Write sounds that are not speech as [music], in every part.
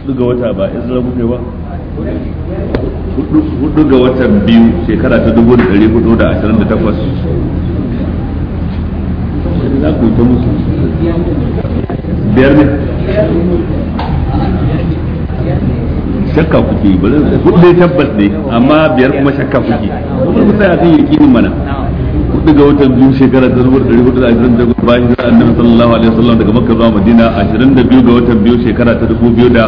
hudu ga wata ba izra kuke ba hudu ga watan biyu shekara ta dubu da dari hudu da ashirin da takwas za ku ta musu biyar ne shakka kuke bari hudu tabbas ne amma biyar kuma shakka kuke kuma kusa ya kan yi mana hudu ga watan biyu shekara ta zubar da hudu da ashirin da hudu bayan hijirar annabi sallallahu alaihi wasallam daga makka zuwa madina ashirin da biyu ga watan biyu shekara ta dubu biyu da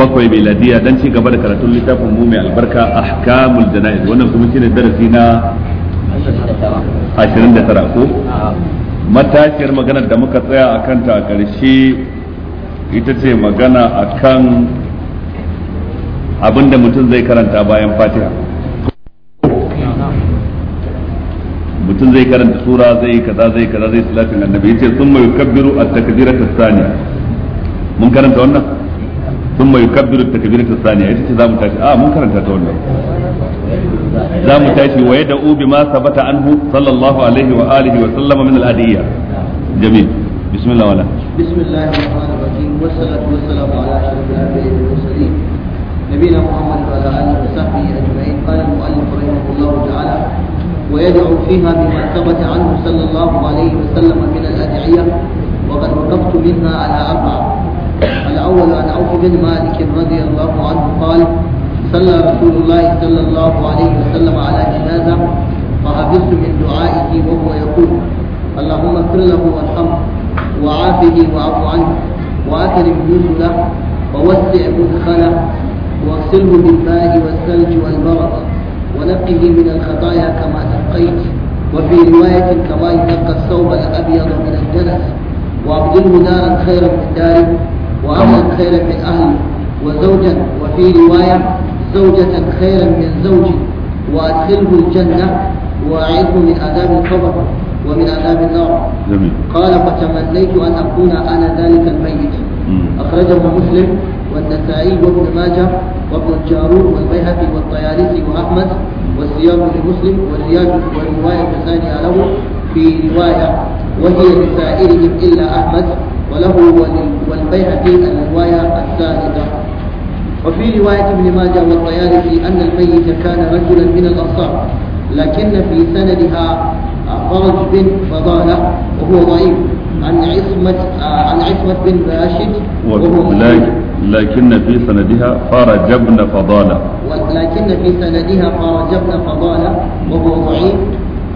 bakwai miladiya don ci gaba da karatun littafin mu mai albarka ahkamul jana'iz wannan kuma shi ne darasi na ashirin da tara ko matashiyar maganar da muka tsaya a kanta a ƙarshe ita ce magana a kan abinda mutum zai karanta bayan fatiha mutum zai karanta sura zai kaza zai kaza zai salatin annabi yace summa yukabbiru at-takbirata thaniya mun karanta wannan summa yukabbiru at-takbirata thaniya ita ce zamu tashi a ah, mun karanta ta wannan zamu tashi wa yad'u bima sabata anhu sallallahu alaihi wa alihi wa sallama min al-adiyya jamil bismillah wala bismillahir rahmanir rahim wassalatu wassalamu ala ashrafil anbiya'i wal mursalin نبينا محمد وعلى اله وصحبه اجمعين قال المؤلف رحمه الله تعالى ويدعو فيها بما ثبت عنه صلى الله عليه وسلم من الأدعية وقد وقفت منها على أربعة الأول عن عوف بن مالك رضي الله عنه قال صلى رسول الله صلى الله عليه وسلم على جنازة فحفظت من دعائه وهو يقول اللهم اغفر له وارحمه وعافه واعف عنه وأكرم نزله ووسع مدخله واغسله بالماء والثلج والبرد ونقه من الخطايا كما القيد وفي رواية كما يتلقى الثوب الأبيض من الدنس وأبدله دارا خيرا من داره وأهلا خيرا من أهله وزوجا وفي رواية زوجة خيرا من زوجي وأدخله الجنة وأعيده من عذاب القبر ومن عذاب النار جميل. قال فتمنيت أن أكون أنا ذلك الميت أخرجه مسلم والنسائي وابن ماجه وابن الجارور والبيهقي والطيالسي وأحمد والسياق لمسلم والرياض والرواية الثانية له في رواية وهي لسائرهم إلا أحمد وله والبيهقي الرواية الثالثة وفي رواية ابن ماجه والطيالسي أن الميت كان رجلا من الأنصار لكن في سندها فرج بن فضالة وهو ضعيف عن عصمة آه، عن عصمة بن راشد وهو ملاجئ لكن في سندها ابن فضالة لكن في سندها ابن فضالة وهو ضعيف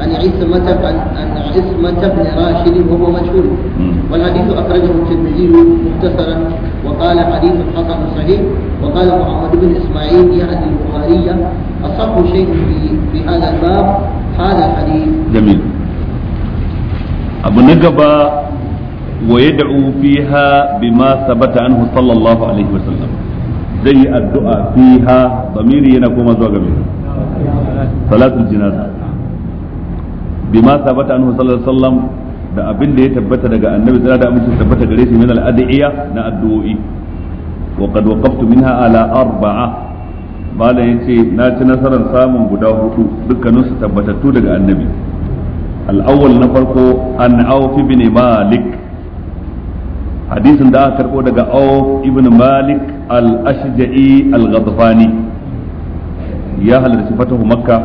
عن عصمة عن عصمة بن راشد وهو مجهول والحديث أخرجه الترمذي مختصرا وقال حديث حسن صحيح وقال محمد بن إسماعيل يعني البخاري أصح شيء في في هذا الباب هذا الحديث جميل أبو نقبة wa yad'u fiha bima sabata anhu sallallahu alaihi wasallam zai yi addu'a fiha zamiri yana koma zuwa game salatul jinaza bima anhu sallallahu da abin da ya tabbata daga annabi tsira da amincin tabbata gare shi min al'adiyya na addu'o'i wa qad waqaftu minha ala arba'a bala yace na ci nasarar samun guda hudu dukkanin su tabbatattu daga annabi al-awwal na farko an awfi bin malik hadisin da aka karbo daga Auf ibn Malik al-Ashja'i al ya halarci fatahu Makka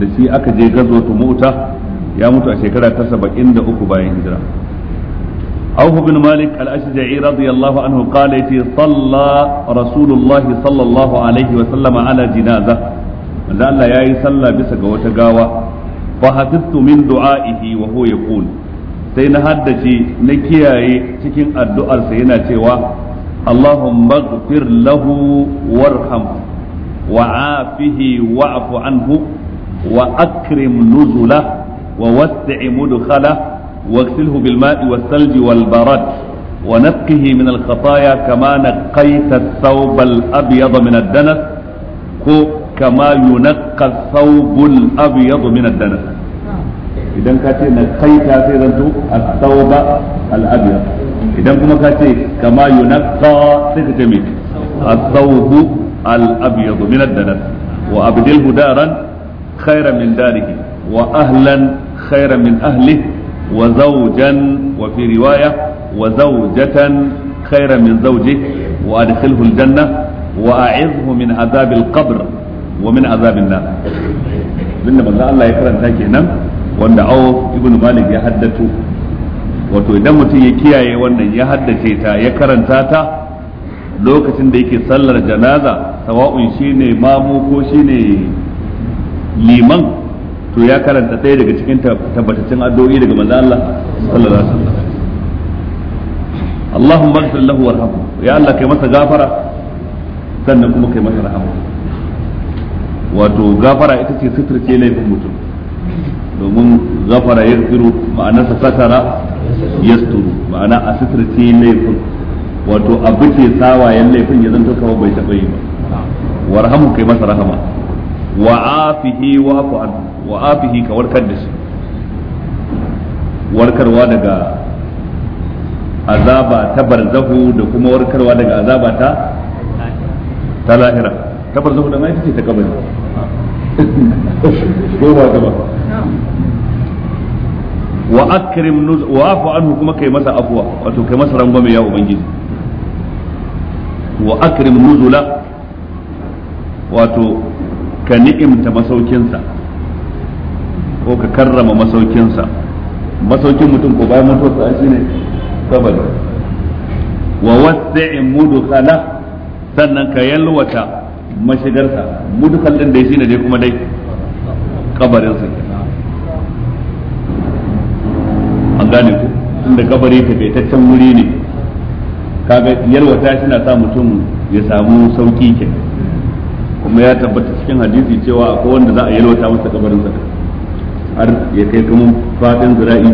da shi aka je gazo ta ya mutu a shekara ta uku bayan hijira Auf ibn Malik al-Ashja'i radiyallahu anhu qala yati salla Rasulullah sallallahu alaihi wa sallama ala jinaza manzo Allah yayi sallah bisa ga wata gawa fa hafiztu min du'aihi wa huwa yaqul sai na haddace na kiyaye cikin addu'ar addu’arsa yana cewa allahu gfir lahu warham wa afihi wa afu wa akrim nuzula wa wasi'i mudkhala wa silhu bil ma'i wa salji wal wa nafkihi min al khataya kama na thawb al abyad min danas ko kama yunqa thawb al abyad danas idan ka ce na kaita sai zanto at-tauba al-abyad idan kuma ka ce kama yunqa sai ka ce me at-taubu al-abyad min ad-danas wa abdilhu daran khayran min darihi wa ahlan khayran min ahlihi wa zawjan wa fi riwaya wa zawjatan khayran min zawjihi wa adkhilhu al-jannah wa a'idhu min adhab al-qabr wa min adhab an-nar abinda manzo Allah ya karanta kenan wanda awo ibn malik ya haddato wato idan mutum ya kiyaye wannan ya haddace ta ya karanta ta lokacin da yake sallar janaza sawa'un shine mamu ko shine liman to ya karanta ɗaya daga cikin tabbataccen addu'o'i daga manzo Allah sallallahu alaihi wasallam Allahumma ighfir lahu warhamhu ya Allah kai masa gafara sannan kuma kai masa rahama wato gafara ita ce sitirce laifin mutum domin zafara ya tsiru ma'ana sa satara ya sturu ma'ana a sitirce laifin wato abu ke sawayen laifin ya zanta kawo bai taɓa yi ba warhamu kai masa rahama wa afihi wa afu wa afihi ka warkar da shi warkarwa daga azaba ta barzahu da kuma warkarwa daga azaba ta ta lahira ta barzahu da ma ita ce ta kabari [laughs] ko ba ta ba wa akrim nuz wa afu anhu kuma kai masa afwa wato kai masa rangwame ya ubangiji wa akrim nuzula wato ka ni'imta masaukinsa ko ka karrama masaukinsa masaukin mutum ko bayan mutuwarsa shi ne kabari wa wasi'i mudkhala sannan ka yalwata mashigarsa mudkhal din dai shine dai kuma dai kabarin sa gane ku tunda kabari tabbataccen wuri ne kaga yalwata shi na sa mutum ya samu sauki ke kuma ya tabbata cikin hadisi cewa akwai wanda za a yalwata masa kabarin sa har ya kai kuma fadin zira'i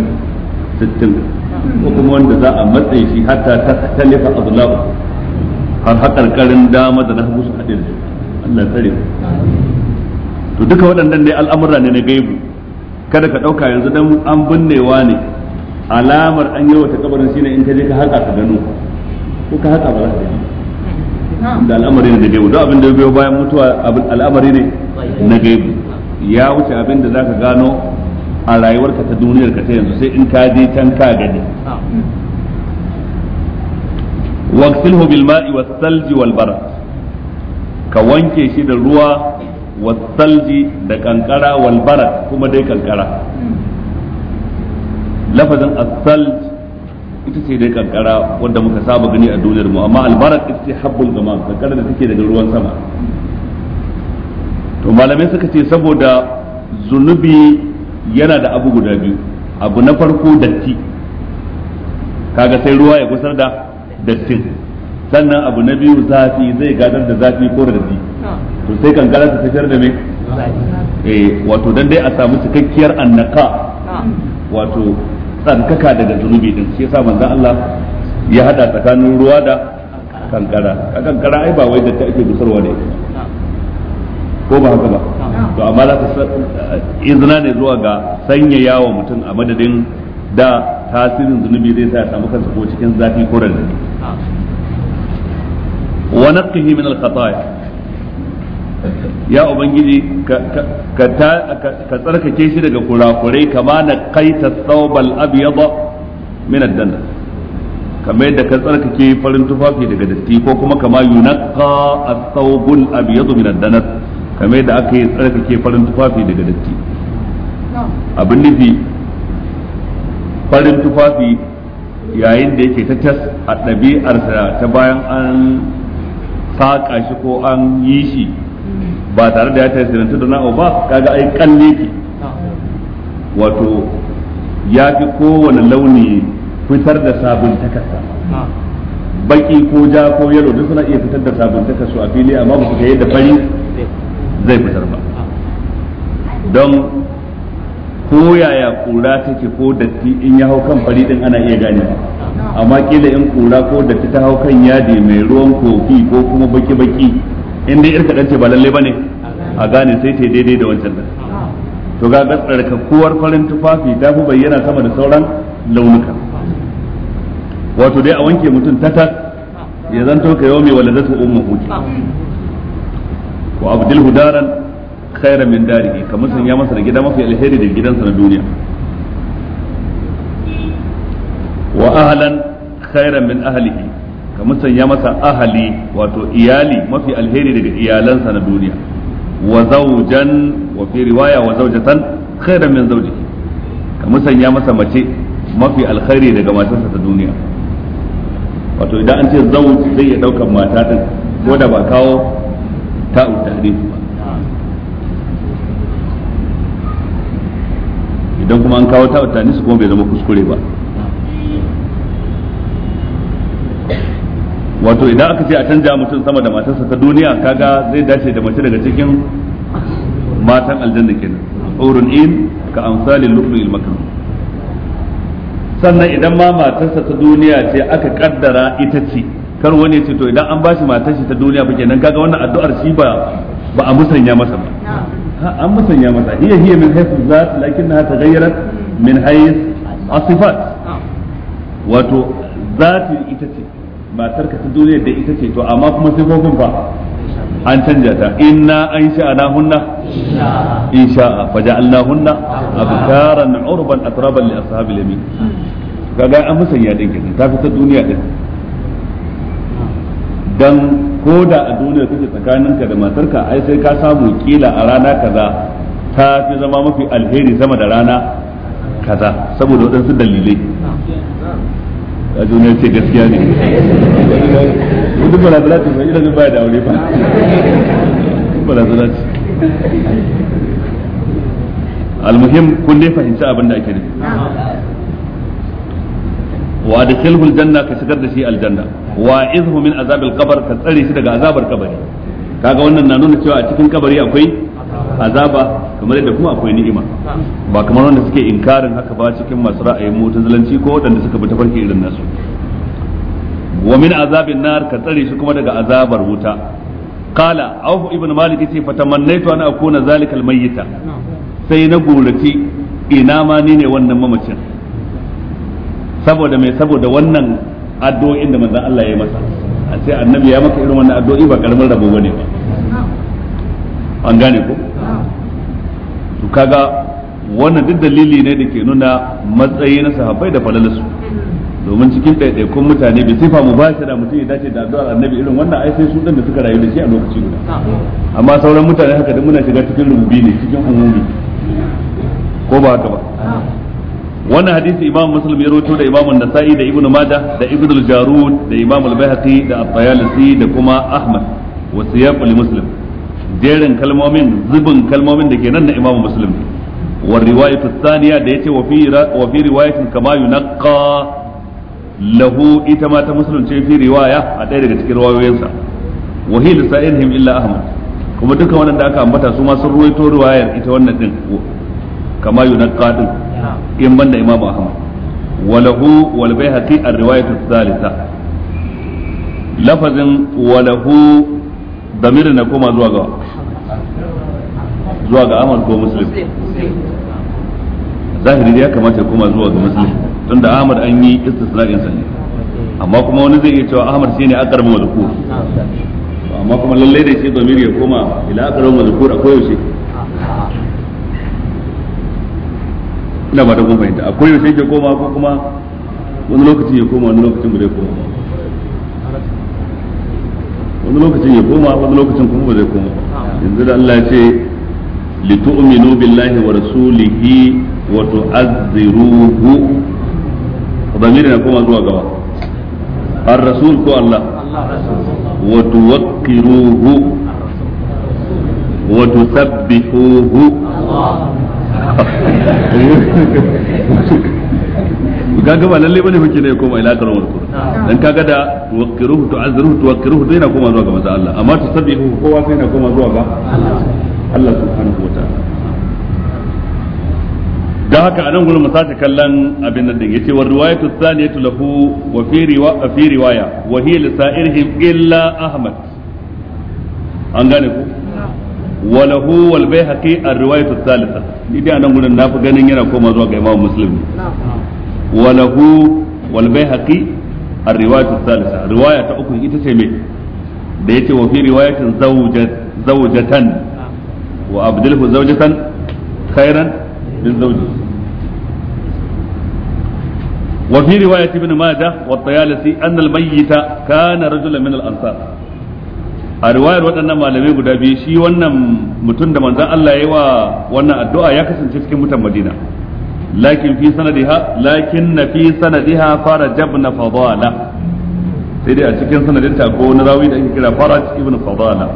60 ko kuma wanda za a matsayi shi hatta ta talifa azlabu har karin dama da na hagu su haɗe da Allah tsare to duka waɗannan ne al'amura ne na gaibu kada ka ɗauka yanzu dan an binnewa ne alamar an yawata kabarin shine in ka je ka haka ka gano ko ka haka ba za ka gani da al'amari ne da gaibu duk abin da biyo bayan mutuwa al'amari ne na gaibu ya wuce abin da za ka gano a rayuwarka ta duniyar ka ta yanzu sai in ka je can ka gani waqsilhu bil ma'i was salji wal bara ka wanke shi da ruwa was salji da kankara wal bara kuma dai kankara lafazin asal ita ce dai kankara wanda muka saba gani a duniyar mu amma albarak ita ce habbul gama kankara da take daga ruwan sama to malamai suka ce saboda zunubi yana da abu guda biyu abu na farko datti kaga sai ruwa ya gusar da dattin sannan abu na biyu zafi zai gadar da zafi ko datti to sai kankara ta tafiyar da me eh wato dan dai a samu cikakkiyar annaka ah. wato tsarkaka daga zunubi din shi yasa manzon Allah ya hada tsakanin ruwa da kankara a kankara ai ba wai da ta ake busarwa ne ko ba haka ba to amma za ta eh, izina ne zuwa ga sanyaya wa mutum a madadin da tasirin zunubi zai sa ya samu kansa ko cikin zafi ko da ah. wa naqqihi min al ya ubangiji ka tsarkake shi daga kurakurai kama na kaita tsawbal abyada min ad-dan kamar yadda ka tsarkake farin tufafi daga datti ko kuma kama yunqa at thawbul abyadu min ad-dan kamar yadda aka yi tsarkake farin tufafi daga datti abin nufi farin tufafi yayin da yake ta tas a ɗabi'arsa ta bayan an saƙa shi ko an yi shi ba tare da ya tasirantu da na'u ba kaga ai kalle ki wato ya fi kowane launi fitar da sabon takasa baki ko ja ko yalo duk suna iya fitar da sabon takasa a fili amma ba su kai da fari zai fitar ba don ko yaya kura take ko datti in ya hau kan fari din ana iya gane amma kila in kura ko datti ta hau kan yadi mai ruwan kofi ko kuma baki-baki in dai irka ce ba lalle bane a gane sai ta daidai da wancan da to ga ka kuwar farin tufafi ta fi bayyana sama da sauran launuka wato dai a wanke mutum tata ya zanto ka yau mai waladatu ummuhu wa abdul hudaran khaira min darihi kamar sun ya masa da gida mafi alheri da gidansa na duniya wa ahlan khaira min ahlihi ka musanya masa ahali wato iyali mafi alheri daga iyalansa na duniya wa zaujan wa fi riwaya wa zaujatan khairan min zawjihi ka musanya masa mace mafi alkhairi daga matarsa ta duniya wato idan an ce zauj zai iya dauka mata din ko da ba kawo ta utare ba idan kuma an kawo ta utare su kuma bai zama kuskure ba wato idan aka ce a canja mutum sama da matarsa ta duniya kaga zai dace da mace daga cikin matan aljanna kenan urun in ka amsalin lu'lu'il maknun sannan idan ma matarsa ta duniya ce aka kaddara ita ce kar wani ya ce to idan an bashi matar shi ta duniya ba kenan kaga wannan addu'ar shi ba ba a musanya masa ba ha an musanya masa hiya hiya min haythu zat lakinnaha taghayyarat min hayth asifat wato zati ita ce matar ta duniyar da ita ce to amma kuma sifofin fa an canja ta inna an sha'ana hunna insha'a faja'alna hunna abkaran urban atraban li ashabil yamin kaga an musanya din kenan ta fita duniya ɗin. dan ko da a duniya kake tsakaninka da matarka ai sai ka samu kila a rana kaza ta fi zama mafi alheri sama da rana kaza saboda waɗansu dalilai a juna ce gaskiya ne wani barazana ce ba ina ba da aure ba barazana ce almuhim kun dai fahimci abin da ake nufi wa da kilhul janna ka shigar da shi aljanna wa izhu min azabil qabr ka tsare shi daga azabar kabari kaga wannan na nuna cewa a cikin kabari akwai azaba kamar yadda kuma akwai ni'ima ba kamar wanda suke inkarin haka ba cikin masu ra'ayin zalunci ko waɗanda suka bi farki irin nasu wa min azabin nar ka tsare shi kuma daga azabar wuta qala awf ibn malik yace fatamannaitu an akuna zalikal mayyita sai na gurati ina ma ni ne wannan mamacin saboda mai saboda wannan addu'o'in da manzon Allah ya yi masa a ce annabi ya maka irin wannan addu'o'i ba karamin rabo bane ba an gane ko ah. to kaga wannan duk dalili ne da ke nuna matsayi na sahabbai da falalarsu hmm. domin cikin ɗaiɗaikun mutane bai sifa mu ba da mutum ya dace da addu'ar annabi irin wannan ai sai su dan da suka rayu da shi a lokaci guda ah. amma sauran mutane haka duk muna shiga cikin rububi ne cikin umumi ko ba haka ba ah. wannan hadisi imam muslim ya rawaito da imam an-nasa'i da ibnu majah da ibnu al-jarud da imam al-baihaqi da at-tayalisi da kuma ahmad wa siyaqul muslim jerin kalmomin zubin kalmomin da ke nan na imamu muslim wa riwayatu thaniya da yace wa fi wa fi riwayatin kama yunqa lahu ita ma ta muslim ce fi riwaya a ɗaya daga cikin riwayoyinsa wa hi lisairihim illa ahmad kuma dukkan da aka ambata su ma sun ruwaito riwayar ita wannan din kama yunqa din in banda imamu ahmad wa lahu wal bayhaqi ar-riwayatu thalitha lafazin wa lahu damirin na koma zuwa ga zuwa ga Ahmad ko Muslim zahiri ya kamata ya koma zuwa ga Muslim tunda Ahmad an yi istisna'in sa ne amma kuma wani zai iya cewa Ahmad shine aqrabu zuku amma kuma lalle da shi damiri ya koma ila aqrabu mazkur akwai yaushe ina ba da kun fahimta akwai yaushe ke koma ko kuma wani lokacin ya koma wani lokacin bude koma wani lokacin ya koma wani lokacin kuma ba zai koma yanzu da Allah ce li tu'minu billahi wa rasulihi wa tu'azziruhu damirin na koma zuwa gaba ar-rasul ko Allah wa tuwaqqiruhu wa tusabbihuhu Allah to kaga ba lalle bane hukunci ne ya koma ila karon wasu dan kaga da waqiruhu tu'azziruhu tuwaqqiruhu dai na koma zuwa ga manzo Allah amma tusabbihu kowa sai na koma zuwa ga Allah subhanahu wa da haka anan gurin mu kallan abin nan din yace wa riwayatu thaniyatu lahu wa fi riwaya fi riwaya wa hiya li sa'irihim illa ahmad an gane ku wa lahu wal bayhaqi ar-riwayatu thalitha ni dai anan gurin na fi ganin yana koma zuwa ga imam muslim wa lahu wal baihaqi ar-riwayatu ta uku ita ce me da yace wa وفي رواية ابن ماجه والطيالسي أن الميت كان رجلا من الأنصار a riwayar waɗannan malamai guda biyu shi wannan mutum da manzan Allah ya yi wa wannan addu'a ya kasance cikin mutan Madina lakin fi sanadiha lakin na fi sanadiha fara jabna fadala sai dai a cikin sanadinta ko na rawi da ake kira faraj ibn fadala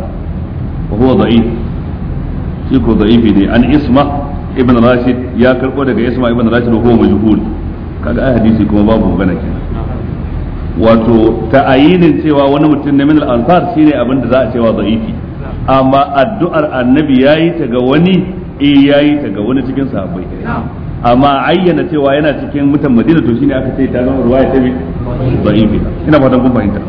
wa huwa da'if shi ko da'ifi ne an isma ibn rashid ya karbo daga isma ibn rashid wa huwa majhul kaga ai hadisi kuma babu magana kenan wato ta'ayinin cewa wani mutum na min al-ansar shine abin da za a cewa da'ifi amma addu'ar annabi yayi ta ga wani eh yayi ta ga wani cikin sahabbai amma ayyana cewa yana cikin mutan madina to shine aka ce ta zama ruwaya ta da'ifi ina fatan kun fahimta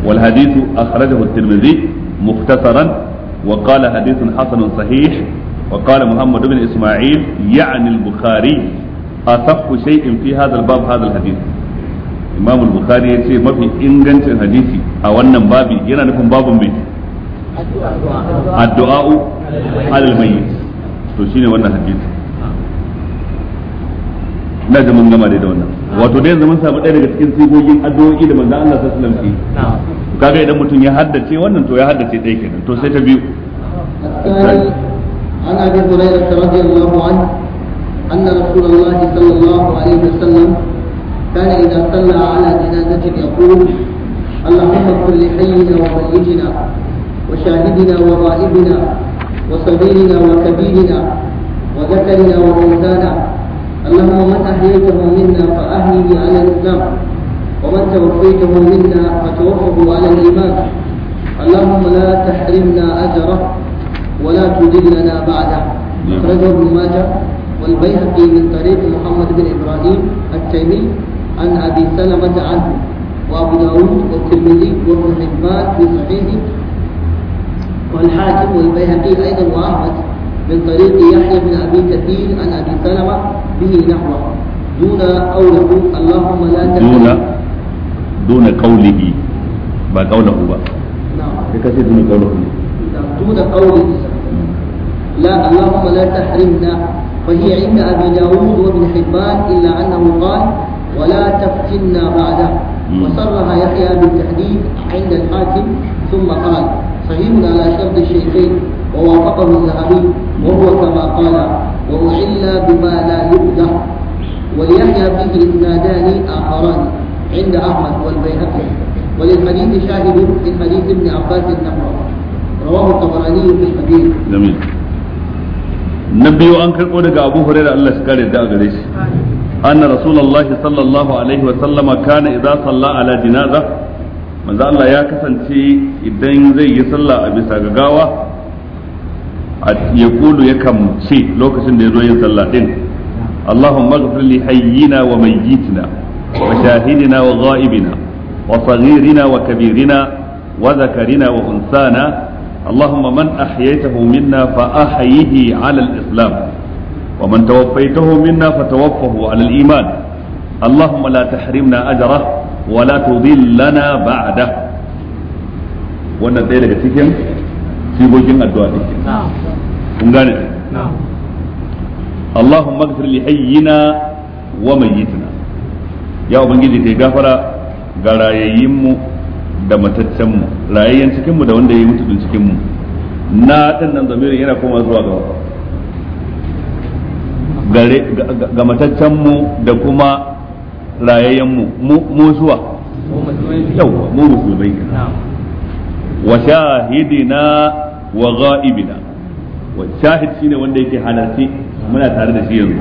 wal hadithu akhrajahu at-tirmidhi mukhtasaran wa qala hadithun hasanun sahih wa qala muhammad ibn isma'il ya'ni al-bukhari asaqu shay'in fi hadha al-bab hadha al-hadith imam al-bukhari yace mafi ingancin hadisi a wannan babi yana nufin babun mai addu'a addu'a al-mayyit to shine wannan hadisi na ga mun gama dai da wannan ah. wato dai yanzu mun samu ɗaya daga cikin sigogin addu'o'i da manzon Allah sallallahu alaihi wasallam ah. kaga idan mutum ya haddace wannan to ya haddace ɗaya kenan to sai ta biyu عن ابي هريره رضي الله عنه ان رسول الله صلى الله عليه وسلم كان اذا صلى على جنازه يقول اللهم اغفر لحينا وميتنا وشاهدنا وغائبنا وصغيرنا وكبيرنا وذكرنا وانثانا اللهم من أحييته منا فأحيه على الإسلام ومن توفيته منا فتوفه على الإيمان اللهم لا تحرمنا أجره ولا تذلنا بعده نعم. أخرجه ابن ماجه والبيهقي من طريق محمد بن إبراهيم التيمي عن أبي سلمة عنه وأبو داود والترمذي وابن حبان في صحيحه والحاكم والبيهقي أيضا وأحمد من طريق يحيى بن أبي كثير عن أبي سلمة به نحوه دون قوله اللهم لا دون دون قوله ba kaulahu ba sai ka ce duna kaulahu ne duna qawlihi la allahumma la tahrimna fa hiya inda abi daud wa ibn hibban illa annahu qala ولا تفتنا بعده وصرها يحيى بالتحديد عند الحاكم ثم قال صحيح على شرط الشيخين ووافقه الذهبي وهو كما قال وأحل بما لا يبدع وليحيى فيه إسنادان آخران عند أحمد والبيهقي وللحديث شاهد من حديث ابن عباس النحو رواه الطبراني في الحديث. جميل. na biyu an karɓo daga abu hurairah Allah shi kare da gare shi anna sallallahu alaihi wa sallama kana idza salla ala janaza manzo Allah ya kasance idan zai yi sallah a bisa ga gawa ya kulu yakan ce lokacin da ya zo yin sallah din اللهم اغفر لحينا وميتنا وشاهدنا وغائبنا وصغيرنا وكبيرنا وذكرنا وانثانا اللهم من احييته منا فاحيه على الاسلام ومن توفيته منا فتوفه على الايمان اللهم لا تحرمنا اجره ولا تضلنا بعده wannan ɗaya daga cikin sigogin addu'a ne kun gane Allahumma ighfir li hayyina wa mayyitina ya ubangiji kai gafara ga rayayyin mu da mataccen mu rayayyen cikin mu da wanda ya mutu dun cikin mu na dan nan zamirin yana koma zuwa ga ga mataccen mu da kuma rayayyen mu mu zuwa yau mu musulmai wa shahidina wa ghaibina wa shahid shine wanda yake halarci muna tare da shi yanzu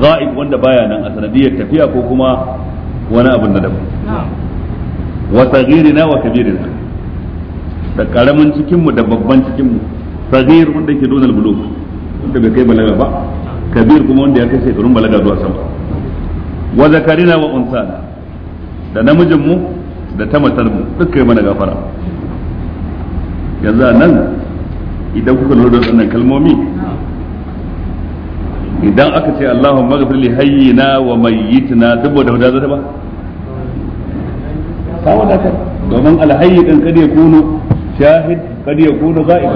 ghaib wanda baya nan a sanadiyar tafiya ko kuma wani abin da daban wa sagirina wa kabirina da karamin cikin mu da babban cikin mu sagir wanda yake donal buluk wanda bai kai balaga ba kabir kuma wanda ya kai shekarun balaga zuwa sama wa zakarina wa unsana da namijin mu da ta matar mu duk kai mana gafara yanzu nan idan kuka lura da wannan kalmomi idan aka ce Allahumma ghfir li hayyina wa mayyitina saboda wadata ba ta wadata domin alhayyi din kada ya kuno shahid kada ya kuno za'ib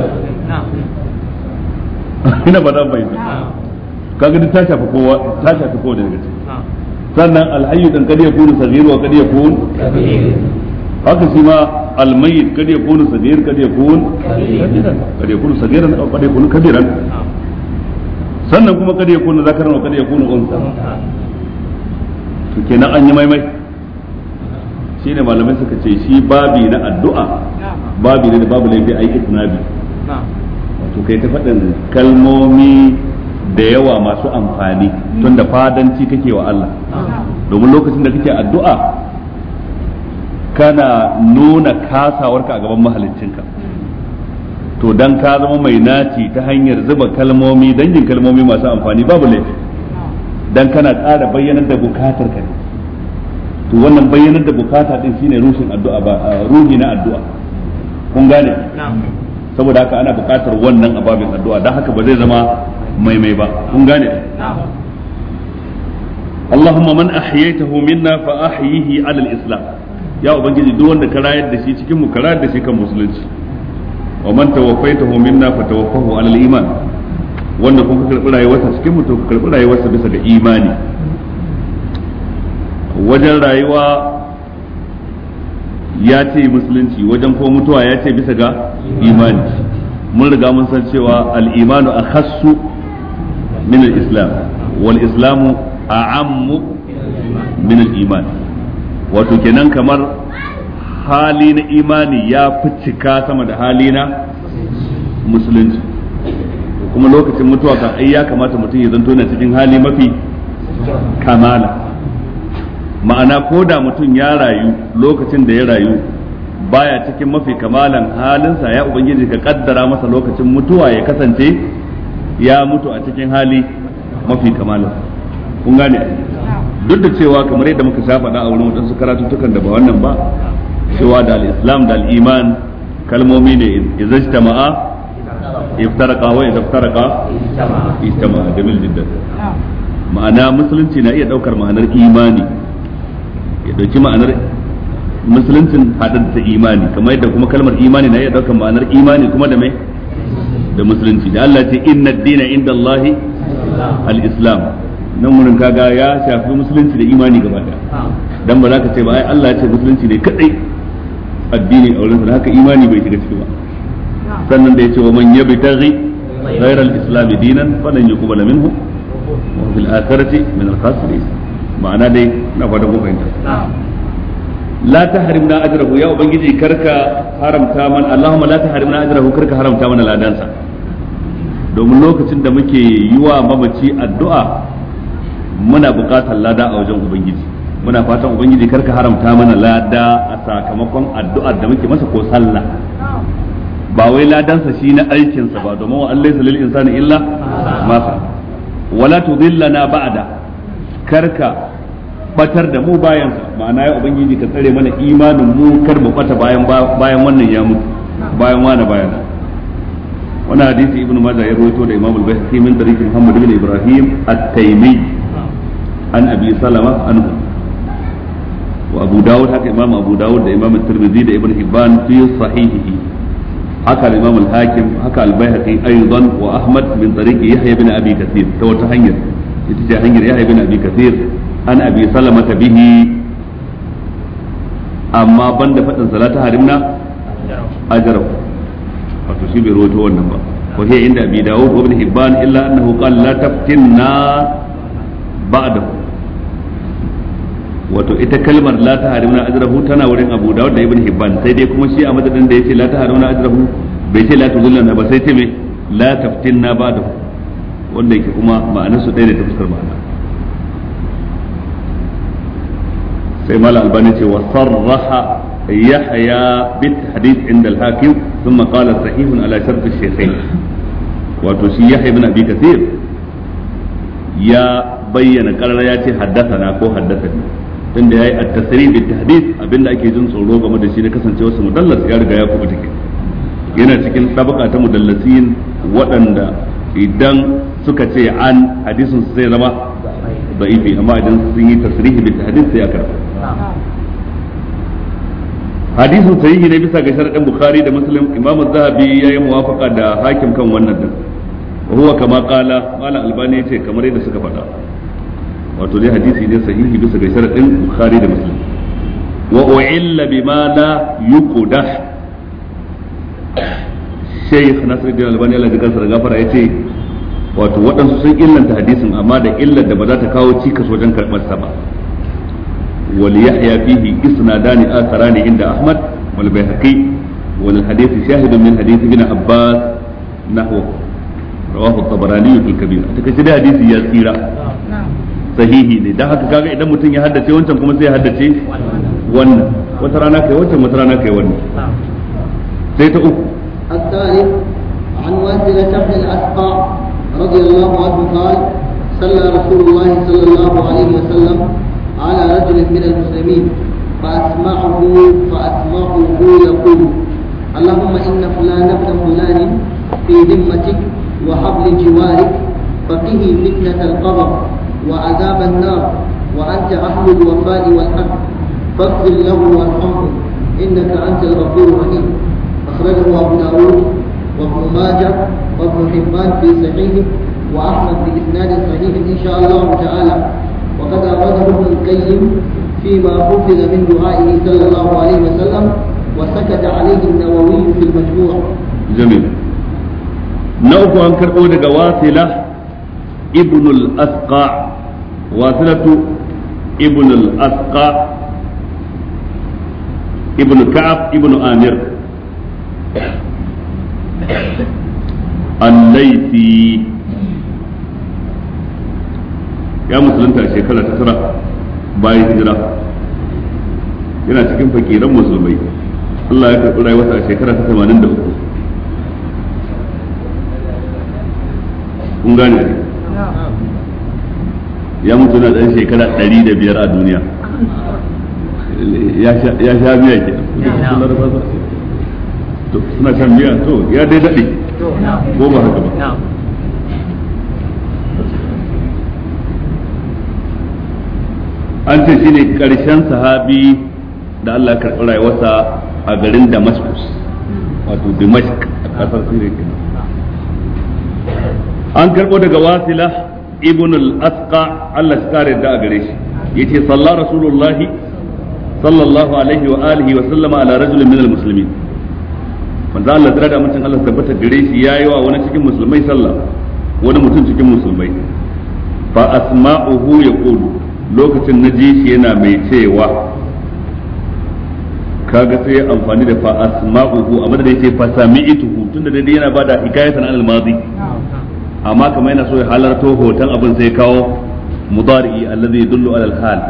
[laughs] ina ba dan bayyana kaga duk ta shafa kowa ta shafa kowa daga ciki sannan alhayyi din kada ya kuno sagir wa kada ya kuno haka shi ma الميت قد يكون صغير قد يكون قد يكون صغيرا او قد يكون كبيرا sannan kuma kada ya kuna zakaran wa kada ya kuna unsa to kenan an yi maimai shine malamai suka ce shi babi na addu'a babi ne da babu laifi ai itnabi to kai ta faɗin kalmomi da yawa masu amfani tun da fadanci kake wa Allah domin lokacin da kake addu'a kana nuna kasawarka a gaban mahalicinka to dan ka zama mai naci ta hanyar zuba kalmomi dangin kalmomi masu amfani babu laifi dan kana tsara bayyanar da bukatar ka to wannan bayyanar da bukata din shine rushin addu'a ba ruhi na addu'a kun gane saboda haka ana bukatar wannan ababin addu'a dan haka ba zai zama mai mai ba kun gane اللهم من أحييته منا فأحيه على الإسلام ya ubangiji duk wanda ka rayar da shi cikin mu ka rayar da shi kan musulunci wa man tawaffaitahu minna fatawaffahu alal iman wanda kun ka karbi rayuwarsa cikin mu to ka karbi rayuwarsa bisa ga imani wajen rayuwa ya ce musulunci wajen ko mutuwa ya ce bisa ga imani mun riga mun san cewa al-imanu akhassu min al-islam wal islamu a'ammu min al-iman wato kenan kamar hali na imani ya fi cika sama da hali na musulunci kuma lokacin mutuwa kan ai ya kamata mutum ya zanto na cikin hali mafi kamala ma'ana ko da mutum ya rayu lokacin da ya rayu baya cikin mafi kamalan halinsa ya ubangiji ka kaddara masa lokacin mutuwa ya kasance ya mutu a cikin hali mafi kamala kun gane duk da cewa kamar yadda muka sha faɗa a wurin waɗansu karatuttukan da ba wannan ba cewa da al'islam da aliman kalmomi ne tama'a iftaraka wa iftaraqa istama'a mil jiddar ma'ana musulunci na iya ɗaukar ma'anar imani ya ɗauki ma'anar musuluncin haɗar da imani kamar yadda kuma kalmar imani na iya ɗaukar ma'anar imani kuma da mai da musulunci da Allah ce inna dina inda Allahi al-islam nan wurin kaga ya shafi musulunci da imani gaba daya dan ba za ka ce ba ai Allah ya ce musulunci ne kadai addini a wurin haka imani bai shiga ciki ba sannan da ya ce wa man yabtaghi ghayra al-islam dinan falan yuqbal minhu wa fil akhirati min al-khasirin ma'ana dai na fata ko fahimta la tahrimna ajrahu ya ubangiji karka haramta man Allahumma la tahrimna ajrahu karka haramta mana ladansa domin lokacin da muke yi wa mamaci addu'a muna buƙatar lada a wajen ubangiji muna fatan ubangiji karka haramta mana lada a sakamakon addu'ar da muke masa ko sallah ba wai ladansa shi na aikinsa ba domin wa Allah lil insani illa masa wala tudillana ba'da karka batar da mu bayan ma'ana ya ubangiji ka tsare mana imanin mu kar mu bata bayan bayan wannan ya mutu bayan wani bayan wannan hadisi ibnu majah ya rawaito da imam al-bayhaqi min tariqi muhammad ibn ibrahim at-taymi an abi salama anhu wa abu dawud haka imam abu dawud da imam tirmidhi da ibn hibban fi sahihihi haka imam al-hakim haka al-baihaqi aidan wa ahmad min tariqi yahya ibn abi kathir ta wata hanyar ita ce hanyar yahya ibn abi kathir an abi salama ta bihi amma banda fadin salata harimna ajrahu wato shi bai rawaito wannan ba وهي عند أبي داود وابن حبان إلا أنه قال لا تفتنا بعده wato ita kalmar la ta harimuna ajrahu tana wurin Abu Dawud da Ibn Hibban sai dai kuma shi a madadin da yace la ta harimuna ajrahu bai ce la tuzullana ba sai ce me la taftinna ba da wanda yake kuma ma'anar su ɗaya ne ta fuskar ma'ana sai mala albani ce wa sarraha yahya bit hadith inda al-hakim thumma qala sahihun ala shart ash-shaykhayn wato shi yahya ibn abi kathir ya bayyana karara ya ce haddasa na ko haddasa tunda yayi at-tasri bi tahdid abinda ake jin tsoro game da shi na kasancewa su mudallas ya riga ya kuma take yana cikin tabaka ta mudallasin waɗanda idan suka ce an hadisin su zai zama da'ifi amma idan sun yi tasrihi bin tahdid sai aka hadisin sahihi ne bisa ga sharadin bukhari da muslim imam az-zahabi yayi muwafaqa da hakim kan wannan din huwa kama ƙala malam albani ce kamar yadda suka faɗa wato dai hadisi ne sahihi bisa ga sharadin bukhari da muslim wa u'illa bima la yuqdah shaykh nasiruddin albani Allah ya kansa da gafara yace wato waɗansu sun illanta hadisin amma da illar da ba za ta kawo cikas wajen karɓar sa ba wal yahya fihi isnadani akharani inda ahmad wal bayhaqi wal hadith shahidun min hadith ibn abbas nahwa rawahu at-tabarani fi al-kabir take da hadisi ya tsira sahihi ne dan haka kaga idan mutum ya haddace wancan kuma sai ya haddace wannan wata rana kai wancan wata rana kai wannan sai ta uku الثالث عن وازلة بن الأسقع رضي الله عنه قال صلى رسول الله صلى الله عليه وسلم على رجل من المسلمين فأسمعه فأسمعه يقول اللهم إن فلان ابن فلان في ذمتك وحبل جوارك فقه فتنة القبر وعذاب النار وأنت أهل الوفاء والحق فاغفر له وارحمه إنك أنت الغفور الرحيم أخرجه أبو داود وابن ماجه وابن حبان في صحيحه وأحمد بإسناد صحيح إن شاء الله تعالى وقد أورده ابن القيم فيما حفظ من دعائه صلى الله عليه وسلم وسكت عليه النووي في المجموع. جميل. نوف أنكر أولد واصلة ابن الأثقاع wasilatu ibn al ابن ibn ابن ibn amir يا مسلم ya musulunta a shekara ta yana cikin fakiran musulmai Allah ya karɓi rayuwa a shekara ta 83 kun gane ya mutu na dan shekara ɗari da biyar a duniya ya sha biya ke suna shan biya to ya dai daɗe ko ba haka ba an ce shi ne ƙarshen sahabi da Allah karɓi rayuwarsa a garin Damascus wato Damascus a ƙasar Syria an karɓo daga wasila ibn al-asqa Allah ya kare da gare shi yace salla rasulullah sallallahu alaihi wa alihi wa sallama ala rajulin min al-muslimin manzo Allah ya da mutum Allah tabbata gare shi yayi wa wani cikin musulmai sallah wani mutum cikin musulmai fa asma'uhu yaqulu lokacin naji shi yana mai cewa kaga sai amfani da fa asma'uhu a madadin sai fa sami'tuhu tunda dai yana bada hikayatan al-madi amma kamar yana so ya halarto hoton abin sai kawo mudari allazi yadullu ala al-hal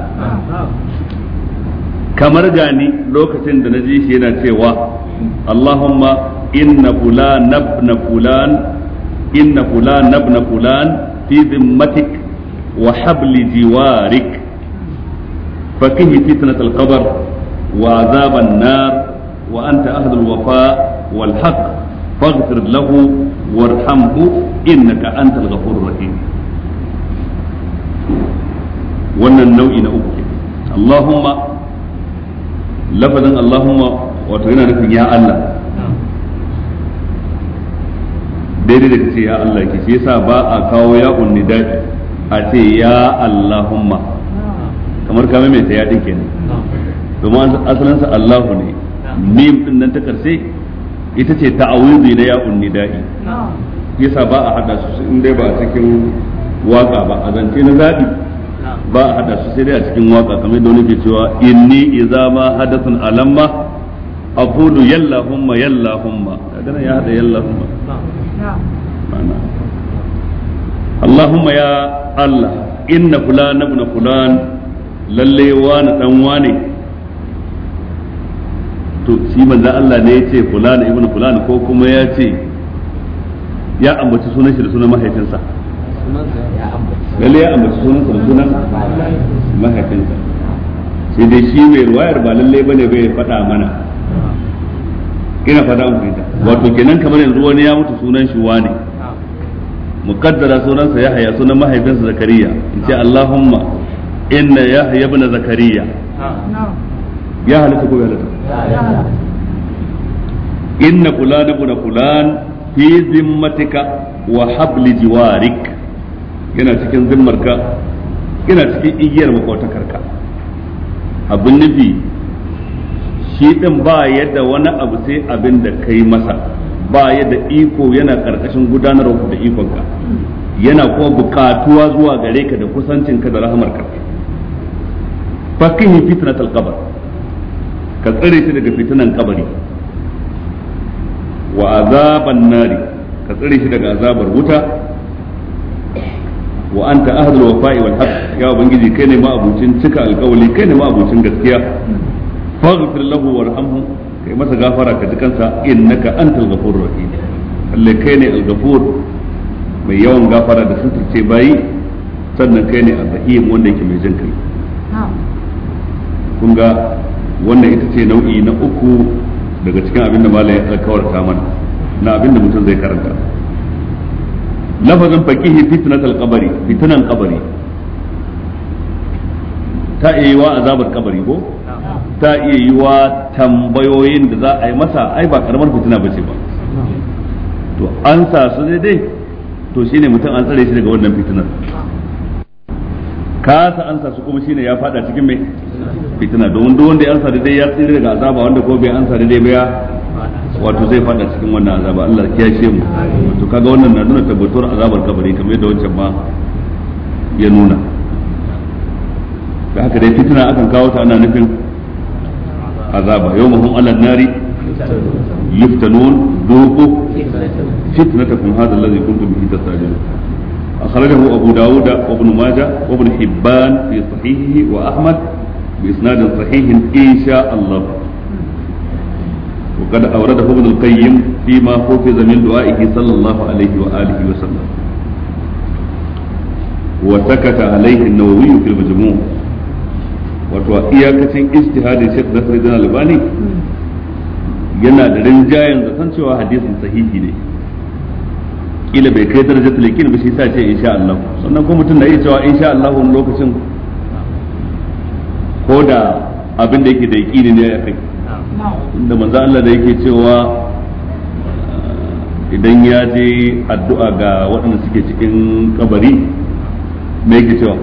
kamar gani lokacin da naji shi yana cewa Allahumma inna fulan nabna fulan inna fulan nabna fulan fi zimmatik wa habli jiwarik fakihi fitnat al-qabr wa azab nar wa anta ahlul wafa wal haqq lahu warhamhu innaka antal ghafurur rahim wannan nau'i na uku Allahumma lafazin Allahumma wato yana nufin ya Allah daidai da ce ya Allah ki shi yasa ba a kawo ya kunni daɗi a ce ya Allahumma kamar ka mai ta yaɗin kenan domin asalinsa Allahu ne mim din nan ta ƙarshe. ita ce ta'awudi na ya'un nida'i yasa ba a hada su in dai ba a cikin waka ba a zance na zabi ba a hada su sai dai a cikin waka kamar da wani ke cewa inni idza ma hadathun alamma aqulu yalla humma yalla humma kaga ya hada yalla humma Allahumma ya Allah inna fulan ibn fulan lalle wani dan wane to shi manzo Allah ne ya ce fulan ibn fulan ko kuma ya ce ya ambaci sunan shi da sunan mahaifinsa lalle ya ambaci sunansa da sunan mahaifinsa sai dai shi mai ruwayar ba lalle bane bai faɗa mana ina fada an fahimta wato kenan kamar yanzu wani ya mutu sunan shi wane muqaddara sa yahya sunan mahaifinsa zakariya in ce allahumma inna yahya ibn zakariya ya halitta ko ya halitta inna fulan ibn fulan fi zimmatika wa habli jiwarik yana cikin zimmarka yana cikin igiyar makotakarka abin nufi shi din ba yadda wani abu sai abin da kai masa ba yadda iko yana karkashin gudanar da ikonka yana kuma bukatuwa zuwa gare ka da kusancinka da rahamarka fakin fitnatul qabr ka tsare shi daga fitinan kabari wa azaban nari ka tsare shi daga azabar wuta wa anta ahlul wafa'i wal haqq ya ubangiji kai ne ma cika alkawali kai ne ma abucin gaskiya faghfir lahu warhamhu kai masa gafara ka ji kansa innaka antal ghafurur rahim lalle kai ne al-ghafur mai yawan gafara da suturce bayi sannan kai ne al rahim wanda yake mai jin kai kun ga wannan ita ce nau'i na uku daga cikin abin da malai alkawarta mana na abin da mutum zai karanta lafazin faqihi fitnatul qabri fitnan qabri ta iya wa azabar kabari ko ta iya wa tambayoyin da za a yi masa ai ba karamar fitina bace ba to an sa su daidai to shine mutum an tsare shi daga wannan fitinar kasa ansa su kuma shine ya fada cikin mai fitina domin duk wanda ya ansa dai ya tsira daga azaba wanda ko bai ansa dai ba ya wato zai fada cikin wannan azaba Allah ya kiyashe mu to kaga wannan na nuna tabbatuwar azabar kabari kamar yadda wancan ma ya nuna da haka dai fitina akan kawo ta ana nufin azaba yawmahum ala nari yuftanun duqu fitnatakum hadha allazi kuntum bihi tastajilun أخرجه أبو داود وابن ماجة وابن حبان في صحيحه وأحمد بإسناد صحيح إن شاء الله وقد أورده ابن القيم فيما حفظ من دعائه صلى الله عليه وآله وسلم وسكت عليه النووي في المجموع wato iyakacin istihadin Sheikh Nasruddin Albani yana da rinjayen zaton cewa hadisin sahihi ne kila bai kai darajar yaqin ba shi sa ce insha Allah sannan kuma mutum na iya cewa insha Allah wani lokacin ko da abin da yake da yaqini ne ya kai inda manzo Allah da yake cewa ah, idan ya je addu'a ga waɗanda suke cikin kabari me yake cewa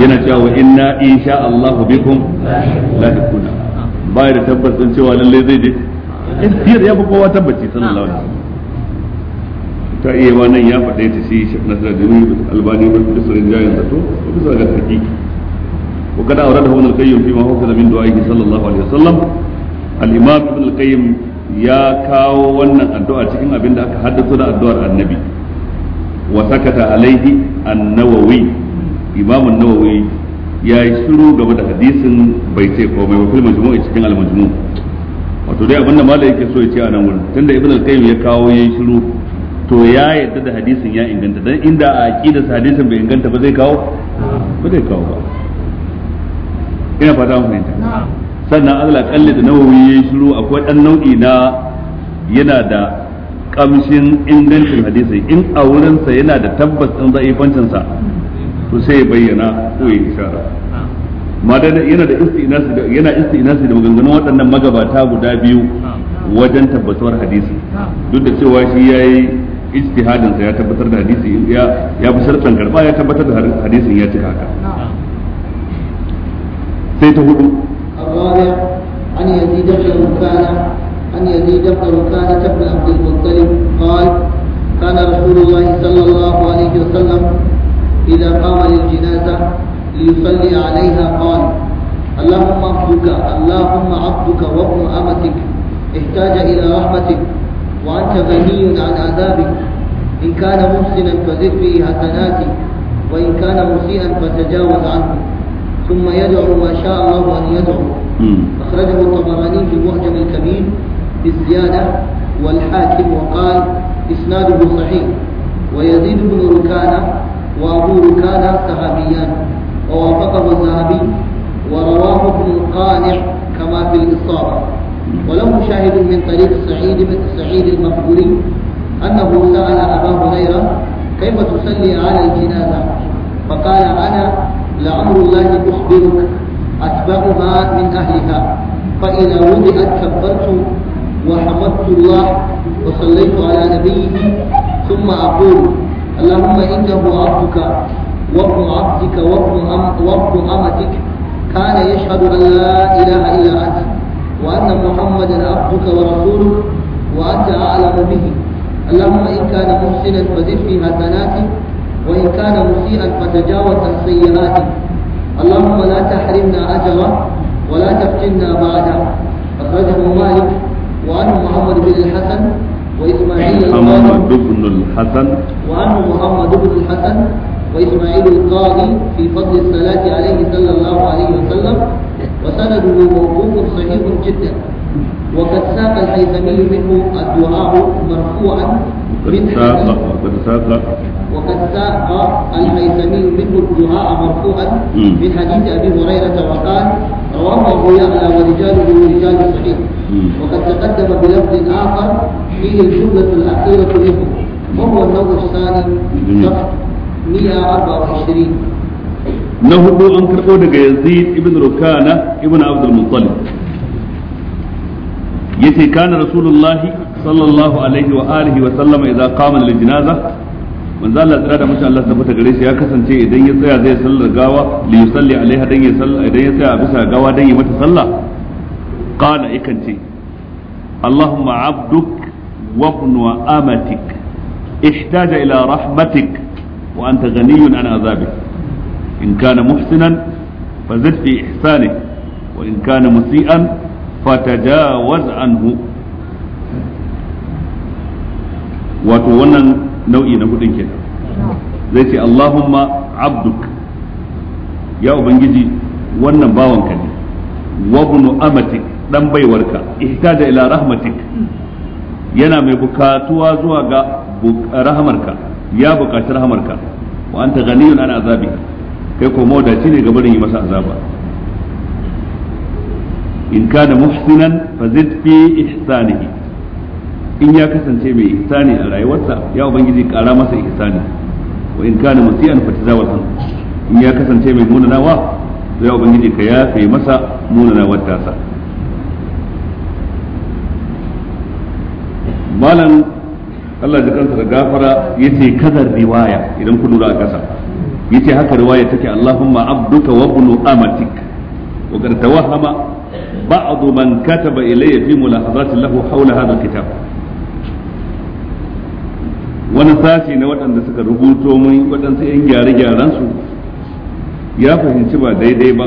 yana cewa wa inna insha Allahu bikum lahiquna bai da tabbacin cewa lalle zai je biyar ya fi kowa tabbaci sallallahu alaihi wasallam ta iya ma nan ya faɗa ta shi na nasar jini albani ba da sarin jayin zato ko bisa ga hakiki wa kada aure da hannun kayyum fi ma da min du'a'i sallallahu alaihi wasallam al-imam ibn al-qayyim ya kawo wannan addu'a cikin abin da aka haddace da addu'ar annabi wa sakata alaihi an-nawawi imam an-nawawi ya yi shiru game da hadisin bai ce komai wa fil a cikin al-majmu' wato dai abinda malai yake so ya ce a nan wurin tunda ibn al-qayyim ya kawo yayin shiru to ya yadda da hadisin ya inganta dan inda a aqida sa hadisin bai inganta ba zai kawo ba zai kawo ba ina fata mun fahimta sannan Allah kalli da nawawi yayi shiru akwai dan nau'i na yana da kamshin ingancin hadisi in a wurinsa yana da tabbas ɗin za'ifancin sa to sai ya bayyana ko ya isharar ma yana da istinasi da yana istinasi da maganganun waɗannan magabata guda biyu wajen tabbatuwar hadisi duk da cewa shi yayi ijtihadin sa ya tabbatar da hadisi ya ya fi shartan karba ya tabbatar da hadisin ya cika haka sai ta hudu an yazi da rukana an yazi da rukana ta ibn abd al-muttalib qal kana rasulullah sallallahu alaihi wasallam idza qama lil janaza li yusalli alaiha qal اللهم عبدك اللهم عبدك وابن امتك احتاج ila رحمتك وأنت غني عن عذابي إن كان محسنا فزد به حسناتي وإن كان مسيئا فتجاوز عنه ثم يدعو ما شاء الله أن يدعو أخرجه الطبراني في المعجم الكبير بالزيادة والحاكم وقال إسناده صحيح ويزيد بن ركانة وأبو ركانة صحابيان ووافقه الذهبي ورواه ابن القانع كما في الإصابة وله شاهد من طريق سعيد بن سعيد المقبوري أنه سأل أبا هريرة كيف تصلي على الجنازة فقال أنا لأمر الله أخبرك أتبعها من أهلها فإذا وضعت كبرت وحمدت الله وصليت على نبيه ثم أقول اللهم إنه عبدك وابن عبدك وابن أمتك كان يشهد أن لا إله إلا أنت وأن محمدا عبدك ورسولك وأنت أعلم به اللهم إن كان محسنا فزد في حسناته وإن كان مسيئا فتجاوز عن سيئاته اللهم لا تحرمنا أجره ولا تفتنا بعده أخرجه مالك وعنه محمد بن الحسن وإسماعيل محمد بن الحسن وعنه محمد بن الحسن وإسماعيل القاضي في فضل الصلاة عليه صلى الله عليه وسلم وسنده موقوف صحيح جدا وقد ساق الهيثمي منه الدعاء مرفوعا من ساق وقد ساق وقد ساق الهيثمي منه الدعاء مرفوعا من حديث ابي هريره وقال رواه يعلى ورجاله رجال صحيح وقد تقدم بلفظ اخر فيه الجمله الاخيره له وهو النوع الثاني 124 na hudu an karɓo daga yazid ibn rukana ibn abdul muttalib yace kana rasulullah sallallahu alaihi wa alihi wa sallama idza qama lil janaza manzo Allah tsira da mutum Allah tabbata gare shi ya kasance idan ya tsaya zai sallar gawa li yusalli alaiha dan ya salla idan ya tsaya bisa gawa dan ya mata sallah qala yakan ce Allahumma abduk wa wa amatik ihtaja ila rahmatik wa anta ghaniyun an azabik in kana muhsinan fazid fi ihsani wa in kana musian fatajawaz anhu wato wannan nau'i na hudun kenan zai ce Allahumma abduk ya ubangiji wannan bawanka ne wa bunu amatik dan baiwarka ihtaja ila rahmatik yana mai bukatuwa zuwa ga rahamarka ya bukaci rahamarka wa anta ghaniyun azabi kai ko shi ne gabarin yi masa azaba in kana muhsinan fa zid fi ihsanihi in ya kasance mai ihsani a rayuwarsa ya ubangiji kara masa ihsani wa in kana musian fa tazawal an in ya kasance mai munanawa ya ubangiji ka yafe masa ta sa malam Allah da kansa da gafara yace kazar riwaya idan ku lura a kasa yace haka riwaya take Allahumma abduka wa ibnu amatik wa qad tawahhama ba'd man kataba ilayya fi mulahazati lahu hawla hadha alkitab wani sashi na waɗanda suka rubuto mun waɗansu ƴan gyare-gyaren su ya fahimci ba daidai ba